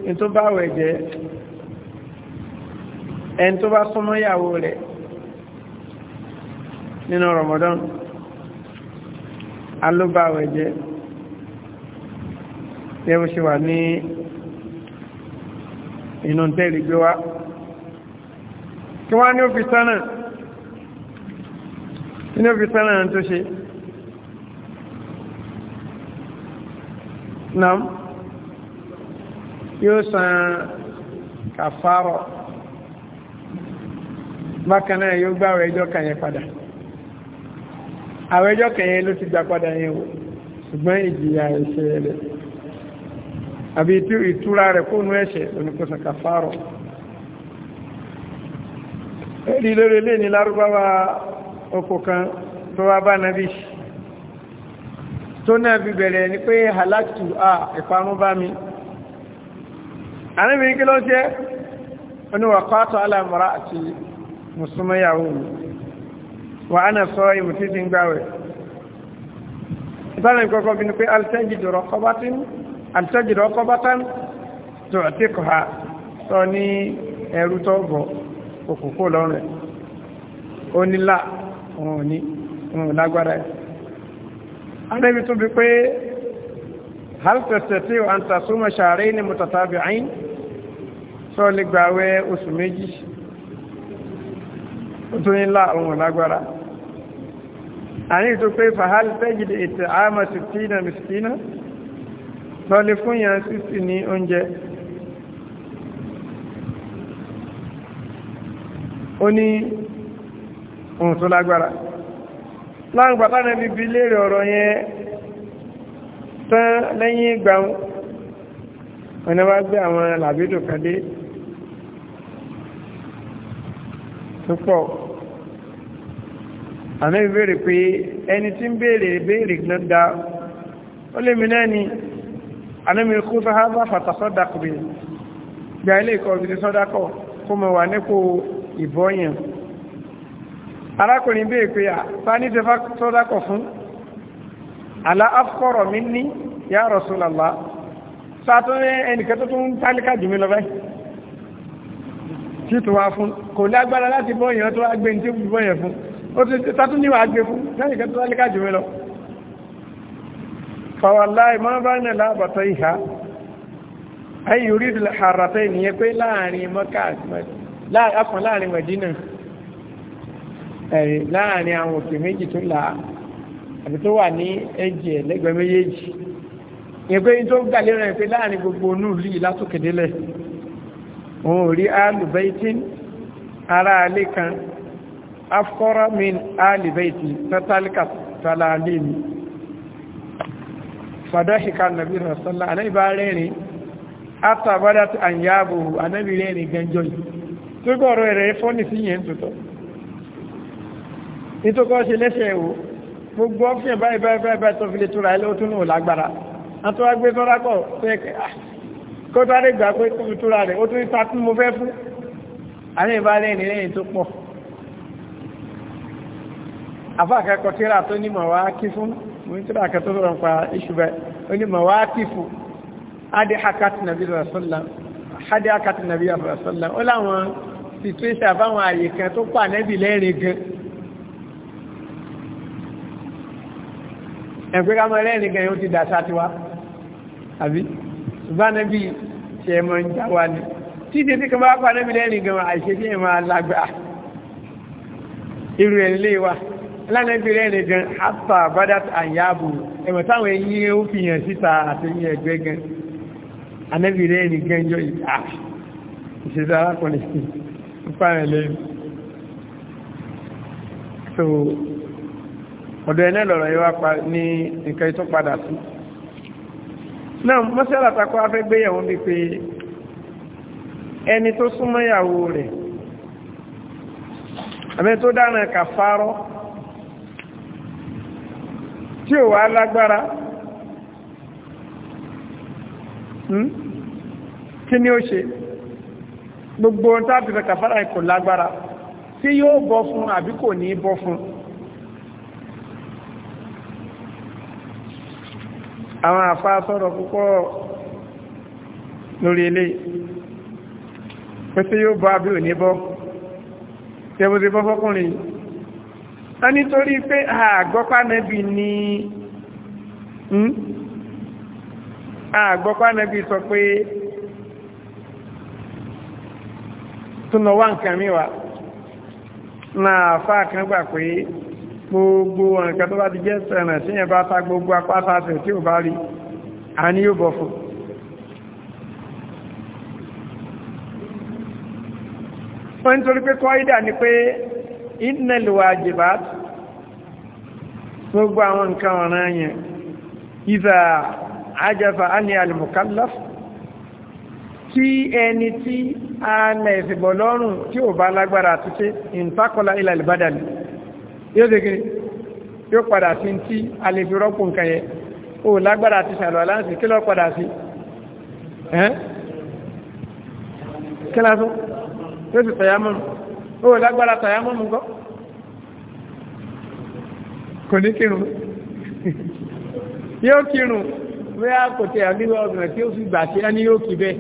ní tó bá wẹ̀ jẹ́ ẹni tó bá súnmọ́ ìyàwó rẹ̀ nínú Ramadan alóbáwẹ̀ jẹ́ yẹ́wọ́ ṣe wà ní inú tẹ́rì gbé wá kí wá ní òfin sánà ní òfin sánà tó ṣe náà yóò san kàfàrọ̀ bákan náà yóò gbá ẹjọ́ kàyẹ padà àwọn kàyẹ ló ti gbà padà yẹn wò ṣùgbọ́n ìjìyà ìṣẹ́ àbí ìtura rẹ̀ kó nú ẹ̀ṣẹ̀ oníkọsàn kàfàrọ̀ ẹ̀rí lórí lè ní lárúbáwá ọkọ̀ kan tó wá bá nàbí tó náà bí bẹ̀rẹ̀ ní pé halaktu a ìparun bá mi àníbi kí ló jẹ́ oníwàkọ́tọ̀ alamọ́ra àti musulman yàwó mi wà á nà sọ ìmùtí ń gbáwẹ̀ ìtàlẹ̀ ìkọ̀kọ́ bí ní pé alìsẹ́jì dọ̀rọ̀ kọbátínú àtẹ́jìdọ̀ ọkọ̀ bátá tó àtíkọ̀ ha tọ́ ní ẹrú tó bọ̀ òkùnkù lọ́rẹ̀ ó nílá òun ní òun lágbára ẹ̀ arẹ́bí tó bí pé halpẹ̀sẹ̀ tí wọ́n ta súnmọ̀ ṣàárẹ́ ní mọ̀tàtàbí àyín tó lè gbàwẹ̀ oṣù méjì ó lọ́lé fún yàn sísì ní oúnjẹ ó ní ohun tó lágbára láàrín bàbá náà bíbi léèrè ọ̀rọ̀ yẹn tán lẹ́yìn ìgbà wọn wá gbé àwọn làbídò kan dé àmì ìbéèrè pé ẹni tí ń béèrè béèrè náà ó lè mi náà ni anẹ́mi kú tó ha bá fàtà sọ́dàkù bí gba ilé ìkọ̀ òbí sọ́dàkọ̀ kó mọ̀ wà nípò ìbọ́yàn arákùnrin bí èpè à bá ní tẹ́fà sọ́dàkọ̀ fún àlá afkọ̀rọ̀ mi ní yá Rasulullah sàtọ́ ẹnìkẹ́ tó tún tálíkà jù mí lọ báyìí títù wá fún kò lágbára láti bọ́yàn tó wá gbé ní fún ó ti tátún níwà gbé fún lẹ́yìn tálíkà jù mí lọ fàwàláì máa bá ní lábàtà ìhà ayi orí àràtà ìníyẹ pé láàrin mọ́ká láàrin mẹ́dínà láàrin àwọn òkè méjì tó là àbí tó wà ní ẹjì ẹ̀lẹ́gbẹ̀ méjèèjì ìpé tó gbà lérò ẹ̀ pé láàrin gbogbo onú ìlú látòkèdélẹ̀ òun ò rí alùbẹ́ìtín ara alé kan mi fàdáṣíká nàbí rọ̀sọ́lá anábìbá rẹ́rin átàbádá tí a ń yáàbò anábì rẹ́rin gẹjọ yìí tó gọ́ọ̀rọ̀ rẹ̀ fọ́nì sí yẹn tuntun nítòkọ́ ṣe lẹ́ṣẹ̀ ẹ̀wò gbogbo ọ́fíẹ̀ báyìí báyìí báyìí tó fi lè tura ilé ó tún náà lágbára àtọ́ agbé tọ́rákọ̀ ah, kó táré gbà pé tó fi tura rẹ̀ ó tún ta tún mo fẹ́ fún anábìbá rẹ́rin rẹ́rin tó pọ̀ àfáàkẹ́kọ̀ọ́ tíra tó nímọ̀ wá kí fún mo ń tíra kan tó sọ̀rọ̀ nípa iṣu bẹ́ẹ̀ ó ní mọ̀ wá tìfù adé akátì nàbí rẹ̀sọ́lá adé akátì nàbí rẹ̀sọ́lá ó láwọn situation àbáwọn àyè kan tó pa nẹ́bì lẹ́rìn gan ẹ̀pẹ́ ká mọ́ lẹ́rìn gan yóò ti dà sáà tiwa àbí ṣùgbọ́n tí kan bá pa nẹ́bì lẹ́rìn gan àìṣe kí ẹ̀ máa lágbà lánàbí rẹ̀ ní gan after badat ayabu ẹ̀wọ̀n táwọn eyín ó fi hàn síta àtẹ̀yìn ẹ̀gbẹ́ gan anẹ́bí rẹ̀ ní gan jọ ìta ah, ìṣẹ́sẹ́ so ọ̀dọ̀ ẹ̀ náà lọ̀rọ̀ yìí wá pa ní nǹkan tó padà sí náà mọ́sálà takọ́ afẹ́ gbéyàwó bíi pé ẹni tó súnmọ́ ìyàwó rẹ̀ àmẹ́ tó dáná kàfárọ́ tí ò wá lágbára hmm? kí ni ó ṣe gbogbo ohun tábí fẹ́ kàfàrà kò lágbára tí yóò bọ́ fún àbí kò ní bọ́ fún àwọn àfá sọ̀rọ̀ púpọ̀ lórí ilé pẹ́ yóò bọ́ àbí ò ní bọ́ tẹ́bùsí bọ́ fọ́kùnrin yìí a nítorí pé àgbọ́pánẹ́bì ní hmm? sọ pé túnà wá nǹkan míwà kan gbà pé gbogbo nǹkan tó bá ti jẹ́ sẹ̀rẹ̀ tí yẹn bá ta gbogbo tí ò bá rí a ní yóò bọ̀ fún wọ́n nítorí pé innal wajibat gbogbo àwọn nǹkan ọ̀ràn yẹn ìzà ajafa ani al-mukallaf tí ẹni tí a nà ìfìbọ̀ lọ́rùn tí ò bá lágbára àtúnṣe ìntakọ̀lá ilẹ̀ ìbádàlì yóò dégiri yóò padà sí tí a lè fi rọ́pò nǹkan yẹn ò lágbára àti ṣàlọ́ aláǹsì kí lọ́ padà sí ẹ́ kí lásán yóò ti tẹ̀yà mọ́nù ó lágbára tàyà mọ́mú kọ́ kò ní kírun yóò kírun bóyá kò tẹ̀ àbíwá ọ̀gbìn tí ó fi gbà sí ẹni yóò kí bẹ́ẹ̀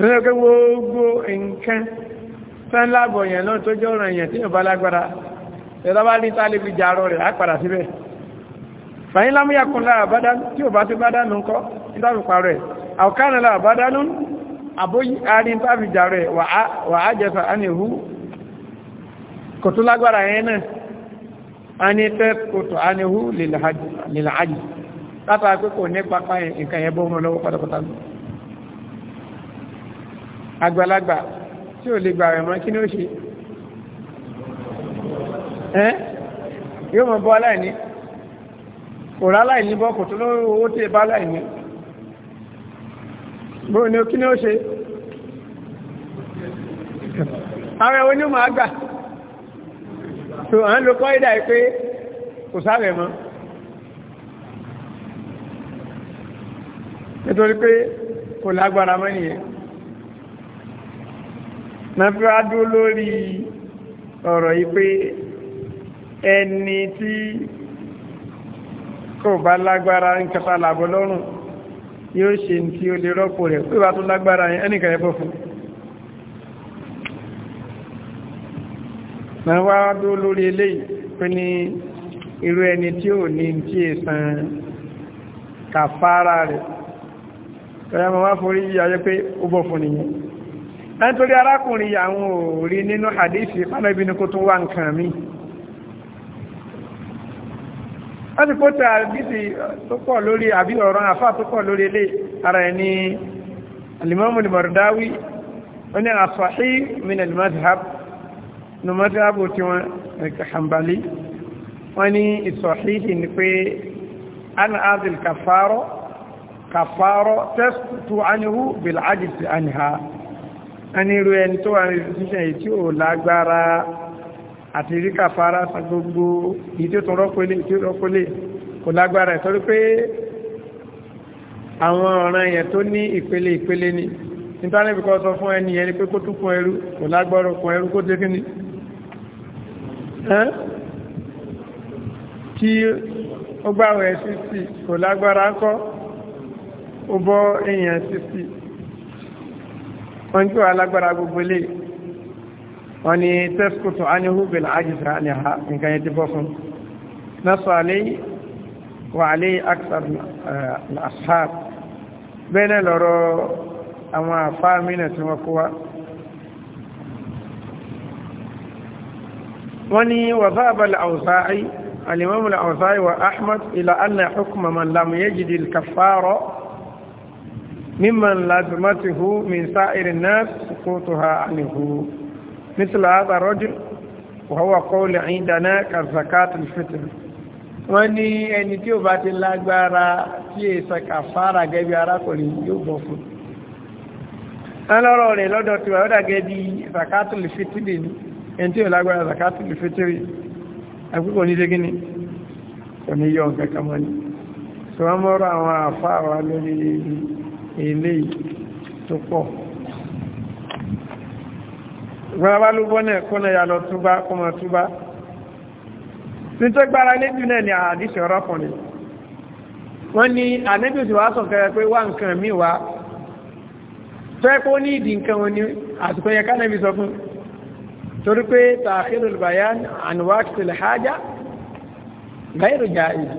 lọ́nà pé gbogbo nǹkan sánlábọ̀ yẹn náà tó jọ ọ̀ràn yẹn tí yóò bá lágbára ẹ̀rọ bá ní tálé fi jà rọ rẹ̀ á padà síbẹ̀ fàyín lámúyàkùn lára bádánú tí ò bá ti bádánú kọ́ nítorí parọ́ ẹ̀ àwòkánà lára bádánú àbóyí arin bá fi jàrẹ̀ wà á jẹta a ní hù kò tó lágbára yẹn náà a ní tẹ́ kò tó a ní hù lèlàájì látà pé kò ní pápá nǹkan yẹn bọ́ọ̀mọ́ lọ́wọ́ pátápátá àgbàlagbà tí ò lè gbà rẹ̀ mọ́ kí ní ó ṣe yóò mọ̀ bọ́ aláìní bóò ní òkí ní ó ṣe ààrẹ onímọ̀ àgbà tó à ń lo kọ́ ìdá pé kò sáré mọ́ nítorí pé kò lágbára mọ́ nìyẹn na fi wá dúró lórí ọ̀rọ̀ yìí pé ẹni tí kò bá lágbára ń kẹta làbọ̀ lọ́rùn yóò ṣe tí ó lè rọ́pò rẹ̀ pé bá tó lágbára yẹn ẹnìkan ẹ̀fọ́ fún ma wá dó lórí eléyìí pé ní irú ẹni tí ò ní tí è san kàfàárà rẹ̀ tọ́yá ma wá forí yíya yẹ́ pé ó bọ̀ fún nìyẹn ẹni torí arákùnrin àwọn ò rí nínú àdéṣì pálẹ́bí ni kó tún wá nǹkan míì wọ́n ti kó ta bíbí tó pọ̀ lórí àbí ọ̀rọ̀ àfà tó pọ̀ lórí ilé ara ẹ̀ ní alimami al-Mardawi wọ́n ní àfàhí min al-madhhab ní madhhab tí wọ́n ẹ̀ka hambali wọ́n ní ìsọ̀híhì ni pé an adil kafaro kafaro tasqutu anhu bil ajiz anha ẹni irú ẹni tó wà ní ìsìnkú tí ó lágbára àti ríkà fara san gbogbo ìyí tí ó tún rọ́pò lé tí ó rọ́pò lé kò lágbára ẹ̀ sọ́rí pé àwọn ọ̀ràn yẹn tó ní ìpele ìpele ni ìntánẹ́bì kan sọ fún ẹni ẹni pé kó tún kún ẹrú kò lágbára kún ẹrú kó dé ni kí ó gbàwẹ̀ sísì kò lágbára kọ́ ó bọ́ èèyàn sísì wọ́n jù alágbára gbogbo eléyìí wọ́n ni tẹ́sùkùtù ánihú bèèrè àjíṣà àníhà nǹkan yẹn ti bọ́ fún nasu alayhi wa alayhi aksar al-ashab bẹ́ẹ̀ náà lọ́rọ̀ àwọn àfáà mìíràn tí wọ́n kó wa wọ́n ni wà záàbà al-awza'i الإمام الأوزاعي وأحمد إلى أن حكم من لم يجد الكفارة ممن لازمته من سائر الناس سقوطها عنه مثل هذا الرجل وهو قول عندنا كزكاة الفطر wọ́n ní ẹni tí ó bá ti lágbára tí è sọ̀kà fara gẹ́bí arákùnrin yóò bọ̀ fún ọlọ́rọ̀ rẹ̀ lọ́dọ̀ tí wà ó dàgẹ́ bí zakatuli fitiri ni ẹni tí ó lágbára zakatuli fitiri agbúgbò ní ṣe gíní kò ní yọ nǹkan kan mọ́ ni wọ́n mọ́rọ̀ àwọn àfáà wa lórí ilé tó pọ̀ ìgbọ́nà bá ló bọ́ náà kó náà yà lọ túbá kó túbá ní tó gbára léjù náà ni àdíṣẹ́ ọ̀rọ̀kùnrin wọ́n ní ànẹ́bí òsì wá sọ̀kẹ́rẹ́ pé wá nǹkan mí wá tó ẹ́kọ́ ní ìdí nǹkan wọn ni àsìkò yẹ sọ fún torí pé tààkìrò bayan an haja ghayru jaiz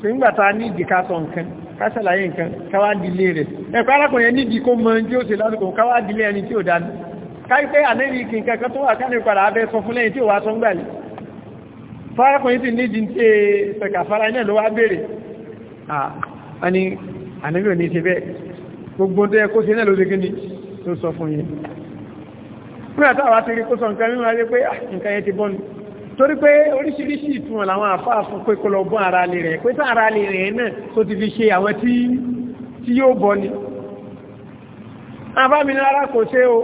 pé ń gbàta ní ìdí ká sọ nǹkan ká ṣàlàyé nǹkan káwá dilé rẹ̀ ẹ̀kọ́ arákùnrin ní ìdí kó mọ tí káyípẹ́ ànẹ́bí kìnkẹ́kẹ́ tó wà kánì padà abẹ́ sọ fún lẹ́yìn tí ó wá tún gbàlì fárakùnrin ti ní jíǹtẹ́ pẹ̀kàfàrà iná ló wá bèèrè àní ànẹ́bí ò ní ṣe bẹ́ẹ̀ gbogbo tó yẹ kó ṣe náà ló dégé ní tó sọ fún yẹn fún àtàwà ti rí kó sọ nǹkan mímọ́ wáyé pé nǹkan yẹn ti bọ́nu bọ́ ara lè rẹ̀ pé tá ara kò ṣe o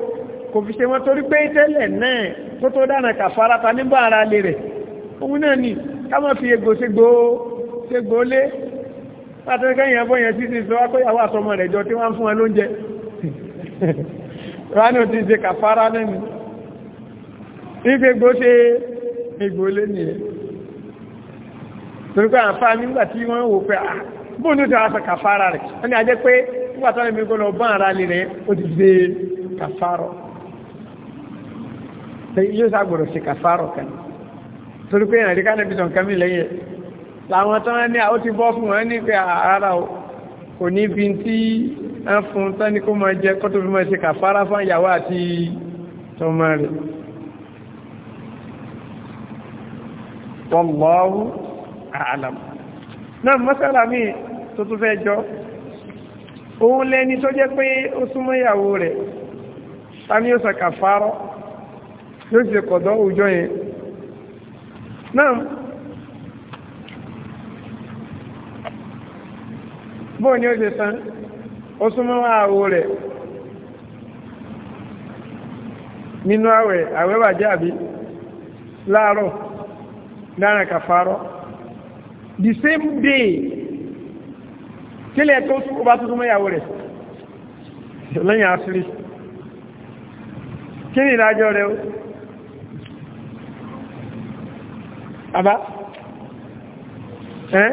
kò fi ṣe wọ́n torí pé tẹ́lẹ̀ náà kó tó dára kàfàrà nígbà ara lè rẹ̀ òun náà ni ká má fi egbò ségbò lé látẹ́kẹ́yìn ẹbọ́ yẹn títí sọ wákọ́yàwó àtọmọ rẹ̀ jọ tí wọ́n fún ẹ lóúnjẹ ránà ti ṣe kàfàrà nẹ́nu sọ ah, kàfàrà rẹ̀ wọ́n ni a jẹ́ pé nígbà tó lè mi kó lọ bá ara lè rẹ̀ ó ti ṣe kàfàrọ̀ yóò sàgbọ̀rọ̀ sí kàfàrọ̀ kan torí pé ìrìnàrí ká nẹ́bí tàn kámi lẹ́yẹ láwọn tán ní àwọn ti bọ́ fún wọn ní pé ara o kò ní bí tí wọ́n fún tán ní kó máa jẹ kó tó fi máa ṣe kàfàrà fún ìyàwó àti tọmọ rẹ̀ wallahu a'lam náà mọ́sálà mi tó tún fẹ́ jọ òun lẹ́ni tó jẹ́ pé ó súnmọ́ ìyàwó rẹ̀ ta ni ó sọ kàfàrọ̀ yóò ṣe kọ̀dọ̀ òjò yẹn náà bóò ni ó ṣe san ó súnmọ́ àwò rẹ̀ nínú àwẹ̀ àwẹ́wàjẹ́ àbí láàárọ̀ dára kàfàárọ̀ the same day kílẹ̀ tó bá tó súnmọ́ ìyàwó rẹ̀ lẹ́yìn àṣírí kí ni ìdájọ́ rẹ̀ o àbá ẹ́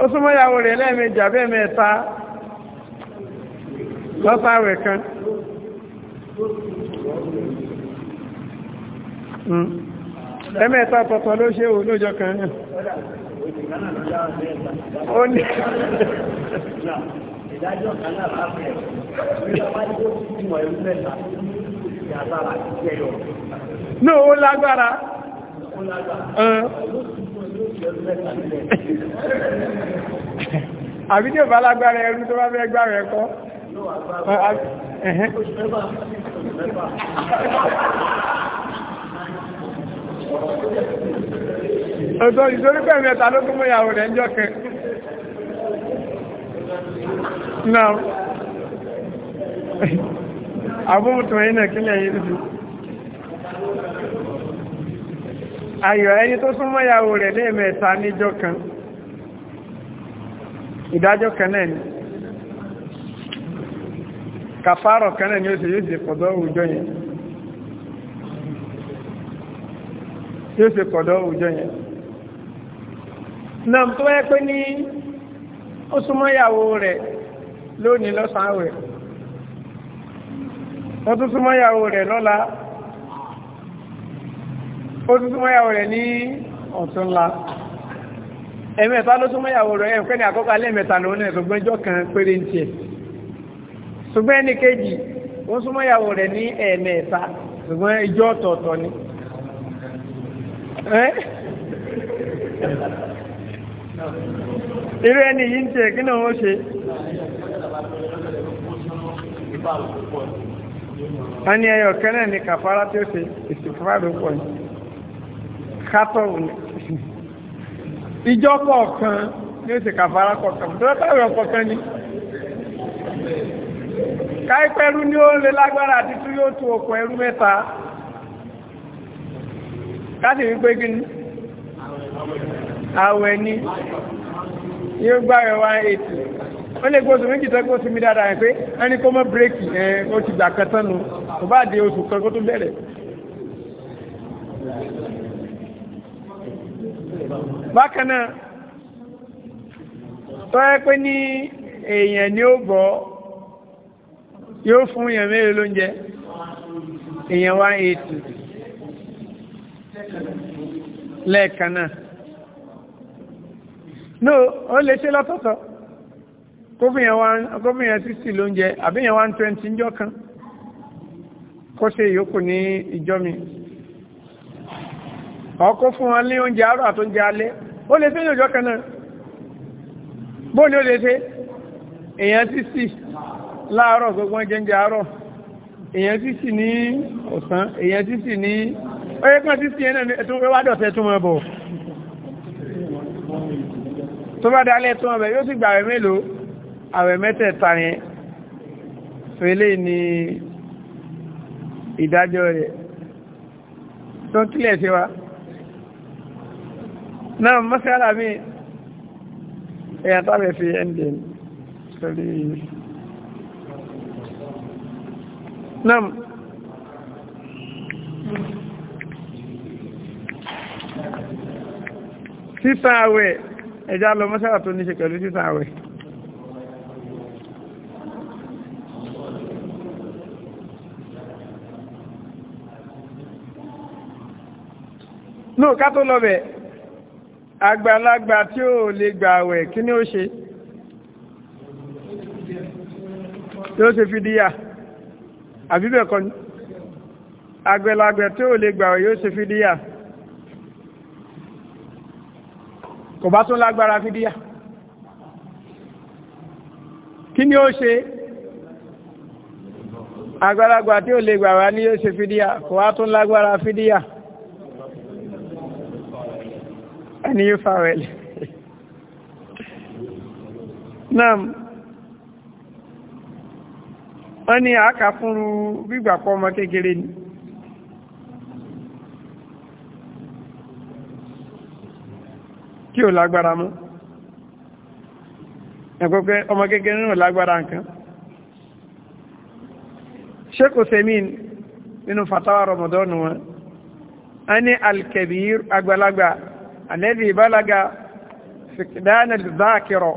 ó súnmọ́ ìyàwó rẹ̀ lẹ́ẹ̀mejì àbẹ́ mẹ́ta lọ́sáwẹ̀ kan hmm. ẹ̀mẹ́ta tọ̀tọ̀ ló ṣe ò lójọ kan náà ó ní ìdájọ́ kan náà bá bẹ̀rẹ̀ nígbà bá ní ó ti wọ̀ ẹ̀rú mẹ́ta ní agbára àti jẹyọ. ní ó lágbára. ó lágbára. àbí tí ò bá lágbára ẹrú tó bá fẹ́ gbára ẹ̀kọ́. Ọ̀tọ̀ ìsorípẹ̀ mẹ́ta ló kún mọ́ ìyàwó rẹ̀ ń jọ́ kẹ na abu mutum yana kílẹ̀ yìí dùn Ayo ẹni tó súnmọ́ ìyàwó rẹ̀ lẹ́ẹ̀mẹ́ta níjọ́ kan ìdájọ́ kan náà ni kàfàárọ̀ kan náà ni ó sì yóò sì pọ̀dọ̀ òjò yẹn yóò sì pọ̀dọ̀ òjò yẹn náà tó wáyé pé ní ó súnmọ́ ìyàwó rẹ̀ lónìí lọ́sàn-án àwẹ̀ ó tún súnmọ́ ìyàwó rẹ̀ lọ́la ó tún súnmọ́ ìyàwó rẹ̀ ní ọ̀túnla ẹ̀mẹ́ta ló súnmọ́ ìyàwó rẹ̀ ẹ̀kọ́ ní àkọ́kọ́ alẹ́ mẹ́ta lòun wọ́n ní ẹyọ kẹ́lẹ̀ ní kàfàrà tí ó ṣe ìsìnkúfàdó pọ̀ ní kátọ̀wù ní ìjọ kọ̀ọ̀kan ní ó ṣe kàfàrà kọ̀ọ̀kan tó lọ́tàwì ọ̀kọ̀ọ̀kan ní káìpẹ́rú ní ó lè lágbára àti tí yóò tó okùn ẹrú mẹ́ta káàsì wípé kí ní àwẹ̀ ní yóò gbáwẹ̀ wọ́n lè gbóṣù méjì tó gbóṣù mi dáadáa pé wọ́n ní kó mọ́ bírèkì ẹ̀ ó ti gbà kan tán nu kò bá di oṣù kan kó tó bẹ̀rẹ̀. bákan náà tó yẹ pé ní èèyàn ni ó gbọ́ yóò fún èèyàn mélòó lóúnjẹ èèyàn wá ètò lẹ́ẹ̀kan náà no ó lè ṣe lọ́tọ̀ọ̀tọ̀ kófìyàn sixty ló ń jẹ àbíyàn one twenty ńjọ́ kan kó ṣe ìyókù ní ìjọ mi ọkọ̀ fún wọn ní oúnjẹ àárọ̀ àtóúnjẹ alẹ́ ó lè ṣe ní ọjọ́ kan náà bó ní ó lè ṣe èèyàn sixty láàárọ̀ gbogbo oúnjẹ àárọ̀ èèyàn sixty ní ọ̀sán èèyàn sixty ní oye kan sixty yẹn náà tó wá dọ̀tẹ́ tó mọ̀ bọ̀ tó bá dalẹ̀ tó mọ̀ bẹ̀ yóò sì gbà rẹ̀ mélòó àwẹ̀ mẹ́tẹ̀ẹ̀ta yẹn fẹ́lẹ̀ ni ìdájọ́ rẹ̀ tó kílẹ̀ sí wa náà mọ́sílára mi ẹ̀yà tábẹ̀ fi ẹ̀ndẹ̀ sọ́lé náà sísan àwẹ̀ ẹ̀já lọ mọ́sílára tó ní ṣe pẹ̀lú sísan àwẹ̀ no ká tó lọ́bẹ̀ àgbàlagbà tí ó lè gbà àwẹ̀ kí ni ó ṣe tí ó ṣe fi díyà àbíbẹ̀ kan àgbàlagbà tí ó lè gbà àwẹ̀ yóò ṣe fi díyà kò bá tún lágbára fi díyà kí ni ó ṣe àgbàlagbà tí ó lè gbà wá ní yóò ṣe fi díyà kò wá tún lágbára fi díyà. ẹni yóò fà wẹ̀ lẹ̀ náà wọ́n ní àákà fúnru gbígbà pọ̀ ọmọ kékeré ni kí o lágbára mú ẹ̀kọ́ pé ọmọ kékeré náà lágbára nǹkan Sheikh Usaimin nínú fatawa Ramadan wọn a ní alkebir àgbàlagbà alladhi balaga fìkìdáná zákìrọ̀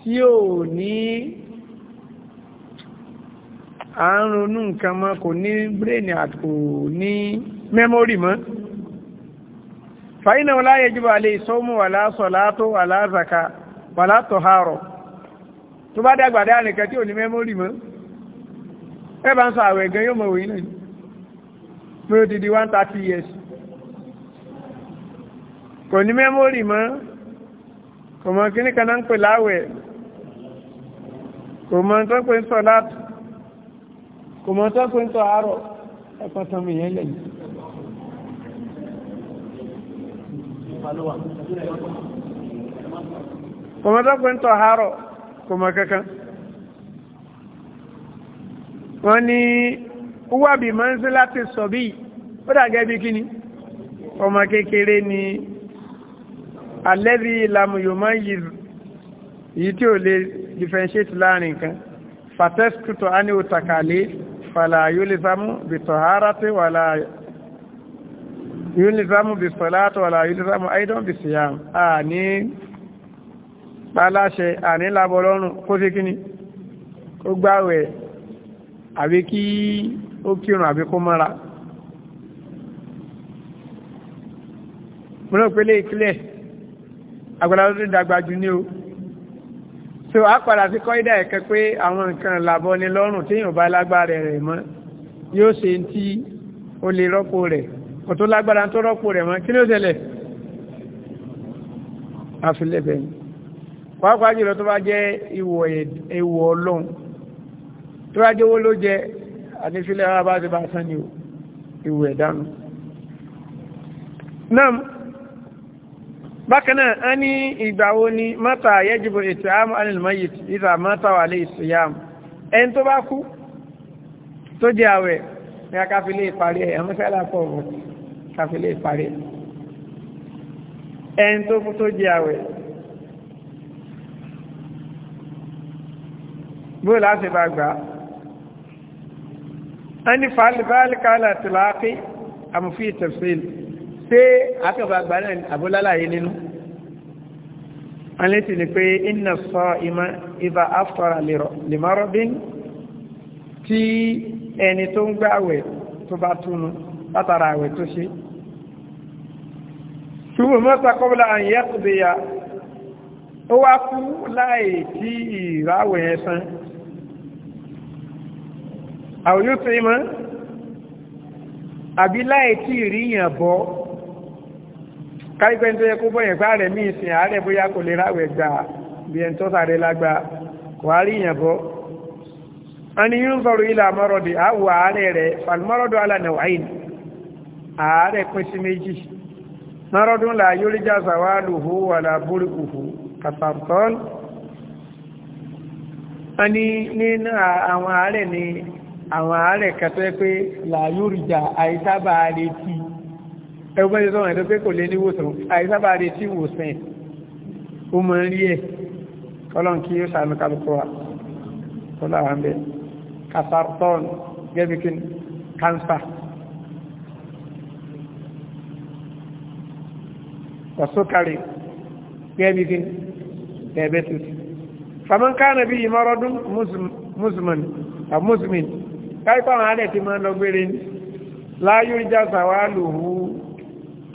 tí ò ní àárùnú nǹkan mọ́ kò ní brain àkò ní memory mọ́ fàyínà wala yajibu alayhi sawmu wala salatu wàlá zaka wàlá tọ̀hárọ̀ tó bá dàgbà dáa nìkan tí ò ní memory mọ́ ẹ bá ń sọ gan yóò mọ̀ wòyí náà ní di one years kò ní mẹ́mórì mọ́ kò mọ kíní kan náà ń pè láwẹ̀ kò mọ tó ń pè ń sọ láàtù kò mọ tó ń pè ń sọ àárọ̀ ẹ̀kọ́ tán mi yẹn lẹ́yìn. kò mọ tó pè ń sọ àárọ̀ kò mọ kankan. wọ́n ní wúwàbí mọ́ńsí láti sọ bíi ó dàgẹ́ bí kíni ọmọ kékeré ni alẹ́bí lamuyoma yìí tí ò lè differentiate láàrin kan fatẹ́sítútù ani òtàkàlẹ́ fàlà yúlìsámù bìtọ̀hárátì wàlà yúlìsámù bìsọ̀látì wàlà yúlìsámù aidan bìsìyàm àní paláṣẹ àní labọ́lọ́rùn kó sí kíni ó gbáwẹ̀ àbí kí ó kírun àbí kó mọ́ra. mo náà ìkílẹ̀ àgbàlagbà tó dàgbà jù ní o so a padà sí kọ́ídà ẹ̀kẹ́ pé àwọn nǹkan làbọ́ ni lọ́rùn tí yóò bá lágbára rẹ̀ mọ́ yóò ṣe tí ó lè rọ́pò rẹ̀ kò tó lágbára tó rọ́pò rẹ̀ mọ́ kí ló ṣẹlẹ̀ àfilẹ́bẹ̀ ni pàápàá jùlọ tó bá jẹ́ ìwọ̀ ọlọ́run tó bá jẹ́ ló jẹ ànífilẹ́ ara bá ti bá sán ni ìwọ̀ ẹ̀dánù bákanáà a ní ìgbàwo ni mọ́ta yẹ́jìbò ìtìyàmù alìlmáyìt ìta mọ́ta wà lè ìtìyàmù ẹni tó bá kú tó jẹ́ àwẹ̀ ní a káfílé ìparí ẹ̀ ẹ̀mọ́sẹ́lá pọ̀ bọ̀ káfílé ìparí ẹ̀ ẹni tó kú tó jẹ́ àwẹ̀ bóò láti bá gbà á ní fàálì báálì àmùfí tafsil ṣé akẹ́kọ̀ọ́ àgbà náà àbólálàyé nínú alẹ́tì ni pé iná sọ ìmọ̀ ibà aftara lèmọ́rọ́bín tí ẹni tó ń gbàwẹ̀ tó bá túnu látara àwẹ̀ tó ṣe ṣùgbọ́n mọ́ta kọ́bùlá àyẹ́kùdìyà ó wá kú láì tí ìráwẹ̀ yẹn san àwòyútù ìmọ̀ àbí láì tí ìríyàn bọ́ kárípẹ́ tó yẹ kó bọ́yẹ̀ pé ààrẹ mí ìsìn ààrẹ bóyá kò lè ráwẹ̀ gbà bí ẹn tó sáré lágbà kò á rí ìyàn bọ́ a ní yíò ń sọ̀rọ̀ ilẹ̀ àmọ́rọ̀dì àwọ̀ ààrẹ rẹ̀ falmọ́rọ̀dọ̀ alànà wáyìn ààrẹ pín sí méjì mọ́rọ̀dún là yóríjà sàwálùhù wà lábúrúkùhù kàtàntọ́n a ní nínú àwọn ààrẹ ní àwọn ààrẹ ẹgbẹ́ ìṣọ́ àwọn ẹ̀dọ́ pé kò lè níwòsàn àìsábà rẹ̀ tí wòsàn ó mọ̀ rí ẹ̀ ọlọ́run kí ó sàánú kálùkọ́ wa ọlọ́run bẹ́ kasartọ́n gẹ́bíkín kánsà ọ̀sọ́kàrí gẹ́bíkín diabetes faman kánà bí ìmọ́rọ́dún musman musmin káìpọ̀ àwọn adẹ̀ ti máa lọ gbére láyé ìjà sàwálù hù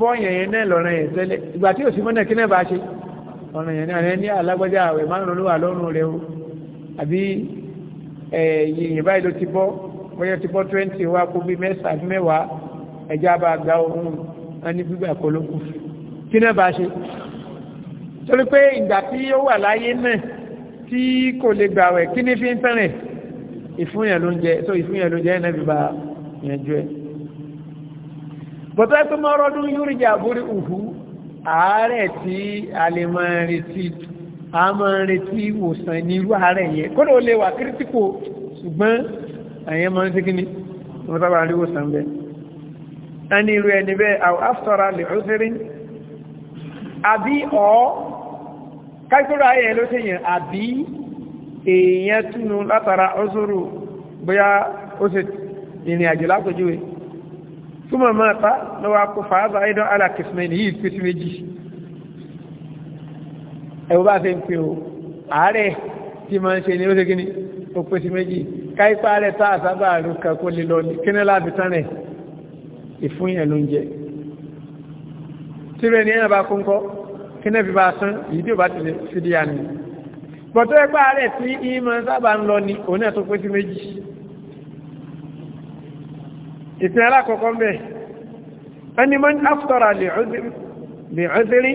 bọ́ yẹn yẹn náà lọ́rọ̀ yẹn tẹ́lẹ̀ ìgbà tí òsì mọ́nà kí náà bá ṣe ọ̀nà yẹn náà ní alágbájá àwẹ̀ márùn-ún ló wà lọ́rùn rẹ o àbí yìnyín báyìí ló ti bọ́ bọ́yọ̀ ti bọ́ twenty wa kó bí mẹ́sà àbí mẹ́wàá ẹ̀já bá gba ohun ẹni gbígbà kó ló kù kí náà bá ṣe torí pé ìgbà tí ó wà láyé náà tí kò lè gbà wẹ̀ kí ní fi ń fẹ́rẹ̀ ìfúnyàn ló ń jẹ so ìfúnyàn ló ń jẹ ẹ̀ náà fi ba ìyànjú ẹ̀ bọ́tọ́ ẹgbẹ́ mọ́ ọrọ̀dún yúrìjà bórí ùhú ààrẹ tí a lè máa retí a máa retí ìwòsàn ní irú ààrẹ yẹn kó ló lè wà kírísìkò ṣùgbọ́n àyẹn máa ń sí kíní wọ́n sábà rí ìwòsàn bẹ́ẹ̀ a ní irú ẹni ìrìn àjò lápòjúwe ثم مات لو فهذا أيضا على قسمين هي قسم جي ẹ̀wọ́ bá fi ń fi o ààrẹ tí ma ń ṣe ní ó ṣe gíní òpin sí méjì káípa rẹ̀ tá àsábà àrùkà kó lè lọ ní kíní láti tán rẹ̀ ìfúnyẹ̀ ló ń jẹ tí rẹ̀ ní ẹ̀yàn bá kún kọ́ kíní fi bá tán èyí tí ò bá tilẹ̀ fìdí àná bọ̀tọ́ ẹ̀pá rẹ̀ tí ìmọ̀ sábà ń lọ ní òun náà tó pín sí ìpín alákọ̀ọ́kọ́ ń bẹ̀ ẹni mọ́ áfùtọ́ra lè ọ́dírí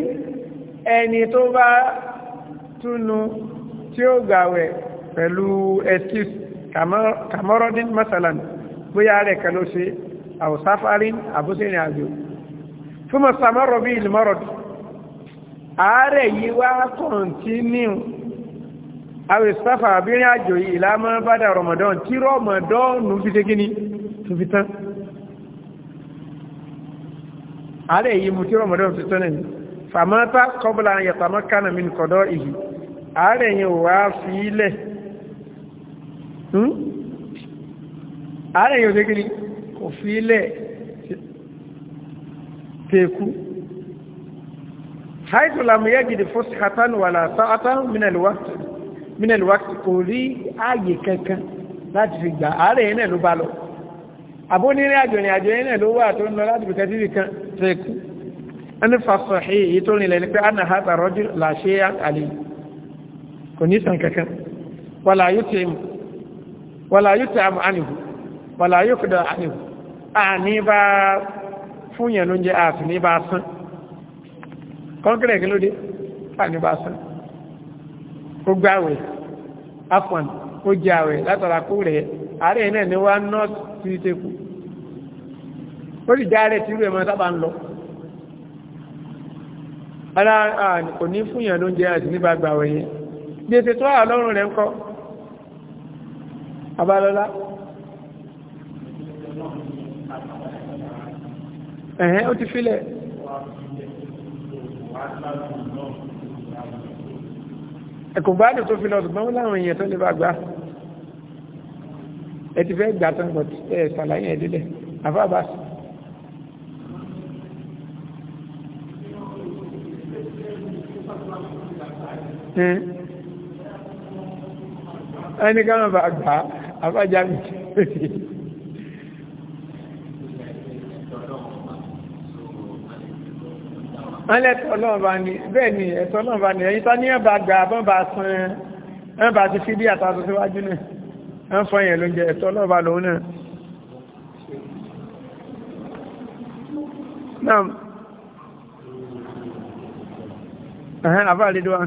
ẹni tó bá túnú tí ó gbàwẹ̀ pẹ̀lú excuse kàmọ́rọ́dín masalan bóyá rẹ̀ kan ló ṣe àwòsáfárín àbúsẹ̀rìn àjò fún mọ̀sàmọ́rọ̀ bí ìlúmọ́rọ̀dù ààrẹ yìí wá kọ̀ntíníù àwòsáfà abírin àjò yìí lámọ́ bádà rọmọdán tí rọmọdán nù fi ṣe gíní tó fi tán àárẹ̀ yìí mú tí rọmọdún ti tọ́nà ní fàmọ́tà kọ́bùlà yàtàmọ́ kánà mi kọ̀dọ̀ ìhì àárẹ̀ yìí wà fi ilẹ̀ hmm? àárẹ̀ yìí òdégiri kò fi ilẹ̀ teku haitu lamu yẹ́ gidi fọ́sí hatan wà látàtà mínẹ̀lúwàkì kò rí ààyè kankan láti fi gbà àárẹ̀ yìí náà bá lọ àbónírìn àjò ní àjò yẹn ló wà tó ń lọ láti bìkẹ́ síbi kan ṣe ẹni fàṣọ èyí tó rìnlẹ̀ ní pé ana hata rọ́jú làṣẹ àlè kò ní sàn kankan wàlà yóò tẹ àmù ànìhù wàlà yóò kúdọ̀ ànìhù àní bá fún yẹn ló ń jẹ àti ní bá sán kọ́ńkìrẹ̀ kí ló dé àní bá sán ààrẹ náà ni wá north ti tẹ́kù ó sì já rẹ̀ tí irú ẹ̀mọ́ sábà ń lọ ara kò ní fúnyàn ló ń jẹ àti nígbà gbà wẹ̀yẹ gbèsè tó wà lọ́rùn rẹ̀ ń kọ́ abalọ́lá ẹ̀hẹ́ ó ti fílẹ̀ ẹ̀kùnbádùn tó fi lọ ṣùgbọ́n láwọn èèyàn tó lè bá gbá ẹ ti fẹ́ gbà tán bọ̀ ẹ ṣàlàyé ẹ̀ délẹ̀ àfáàbà sí. ẹni ká máa bá gbà àfáàjà mi wọ́n lẹ́tọ̀ ọlọ́ọ̀bá ni bẹ́ẹ̀ ni ẹ̀tọ́ ọlọ́ọ̀bá ni ẹ̀yìn tó ní ẹ̀bà gbà bọ́n bá san ẹ̀bà ti fi bí àtàtọ̀ síwájú náà ń fọ́ yẹn ló ń jẹ ẹ̀tọ́ lọ́ba lòun náà náà ẹ̀hẹ́n àbáàlédọ́ wa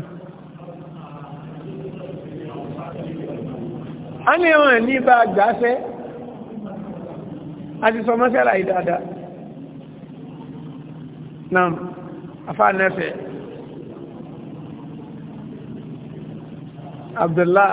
a ní ẹ̀wọ̀n ní bá gbáfẹ́ a ti sọ mọ́sẹ́lá ìdáadáa náà afáànẹ́fẹ́ Abdullah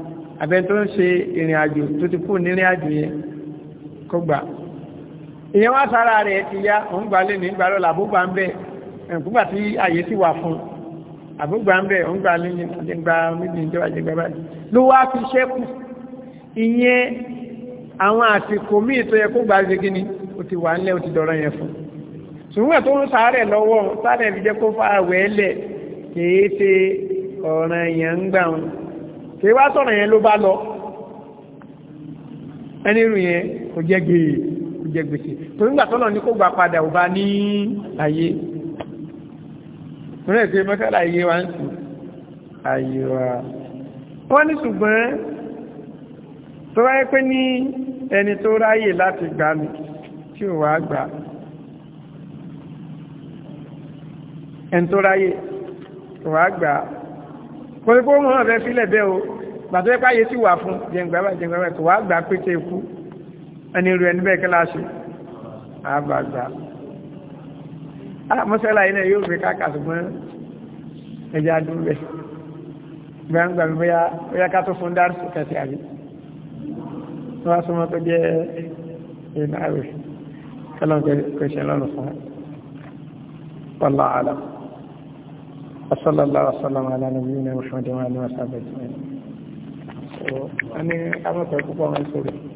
abẹ́ni tó ń ṣe ìrìn àjò tó ti kú nírin àjò yẹn kó gbà ìyẹn wá sára rẹ̀ ti yá òun gbà lé ní gbà lọ́la àbúgbà ń bẹ̀ ẹ̀kúgbà tí àyè sì wà fún àbúgbà ń bẹ̀ òun gbà lé ní àjẹgbà méjì ìjọba àjẹgbà báyìí ló wá fi ṣẹ́kù ìyẹn àwọn àsìkò míì tó yẹ kó gbà ṣe gíní ó ti wà ńlẹ̀ ó ti dọ̀rọ̀ yẹn fún ṣùgbọ́n tó ń sáré lọ́wọ́ sáré fi jẹ́ kó fà wẹ́lẹ̀ kèé ṣe ọ̀ràn yẹn ń gbà wọn kìí wá sọ̀rọ̀ yẹn ló bá lọ ẹni rù yẹn kò jẹ́ gbèè kò jẹ́ gbèsè tó nígbà tọ́nà ní kó gbà padà ò bá ní ayé múlẹ̀ pé mọ́sálà ayé wa ń sùn ayé wa wọ́n ní ṣùgbọ́n tó wáyé pé ní ẹni tó ráyè láti gbà ní tí ò wá gbà ẹni tó ráyè ò wá gbà kò ní kó mọ̀ ọ́n fẹ́ sílẹ̀ bẹ́ẹ̀ o gbàtọ́ ẹ̀ páyé sì wà fún jẹ̀ǹgbàbà jẹ̀ǹgbàbà kò wá gbà pé tẹ́ kú ẹni rú ẹni bẹ́ẹ̀ kí láṣẹ àgbàgbà mọ́sálà yìí náà yóò fi káàkà ṣùgbọ́n ẹja dùn bẹ́ẹ̀ gbàǹgbà mi bóyá ká tó fún dárúkú kẹsì àbí wọ́n á súnmọ́ tó jẹ́ ìnáwó kẹlọ́n kẹsì lọ́nà fún wọn. والله أعلم وصلى الله وسلم على نبينا محمد وعلى اله وصحبه اجمعين. So, I mean, I'm not going to go on sorry.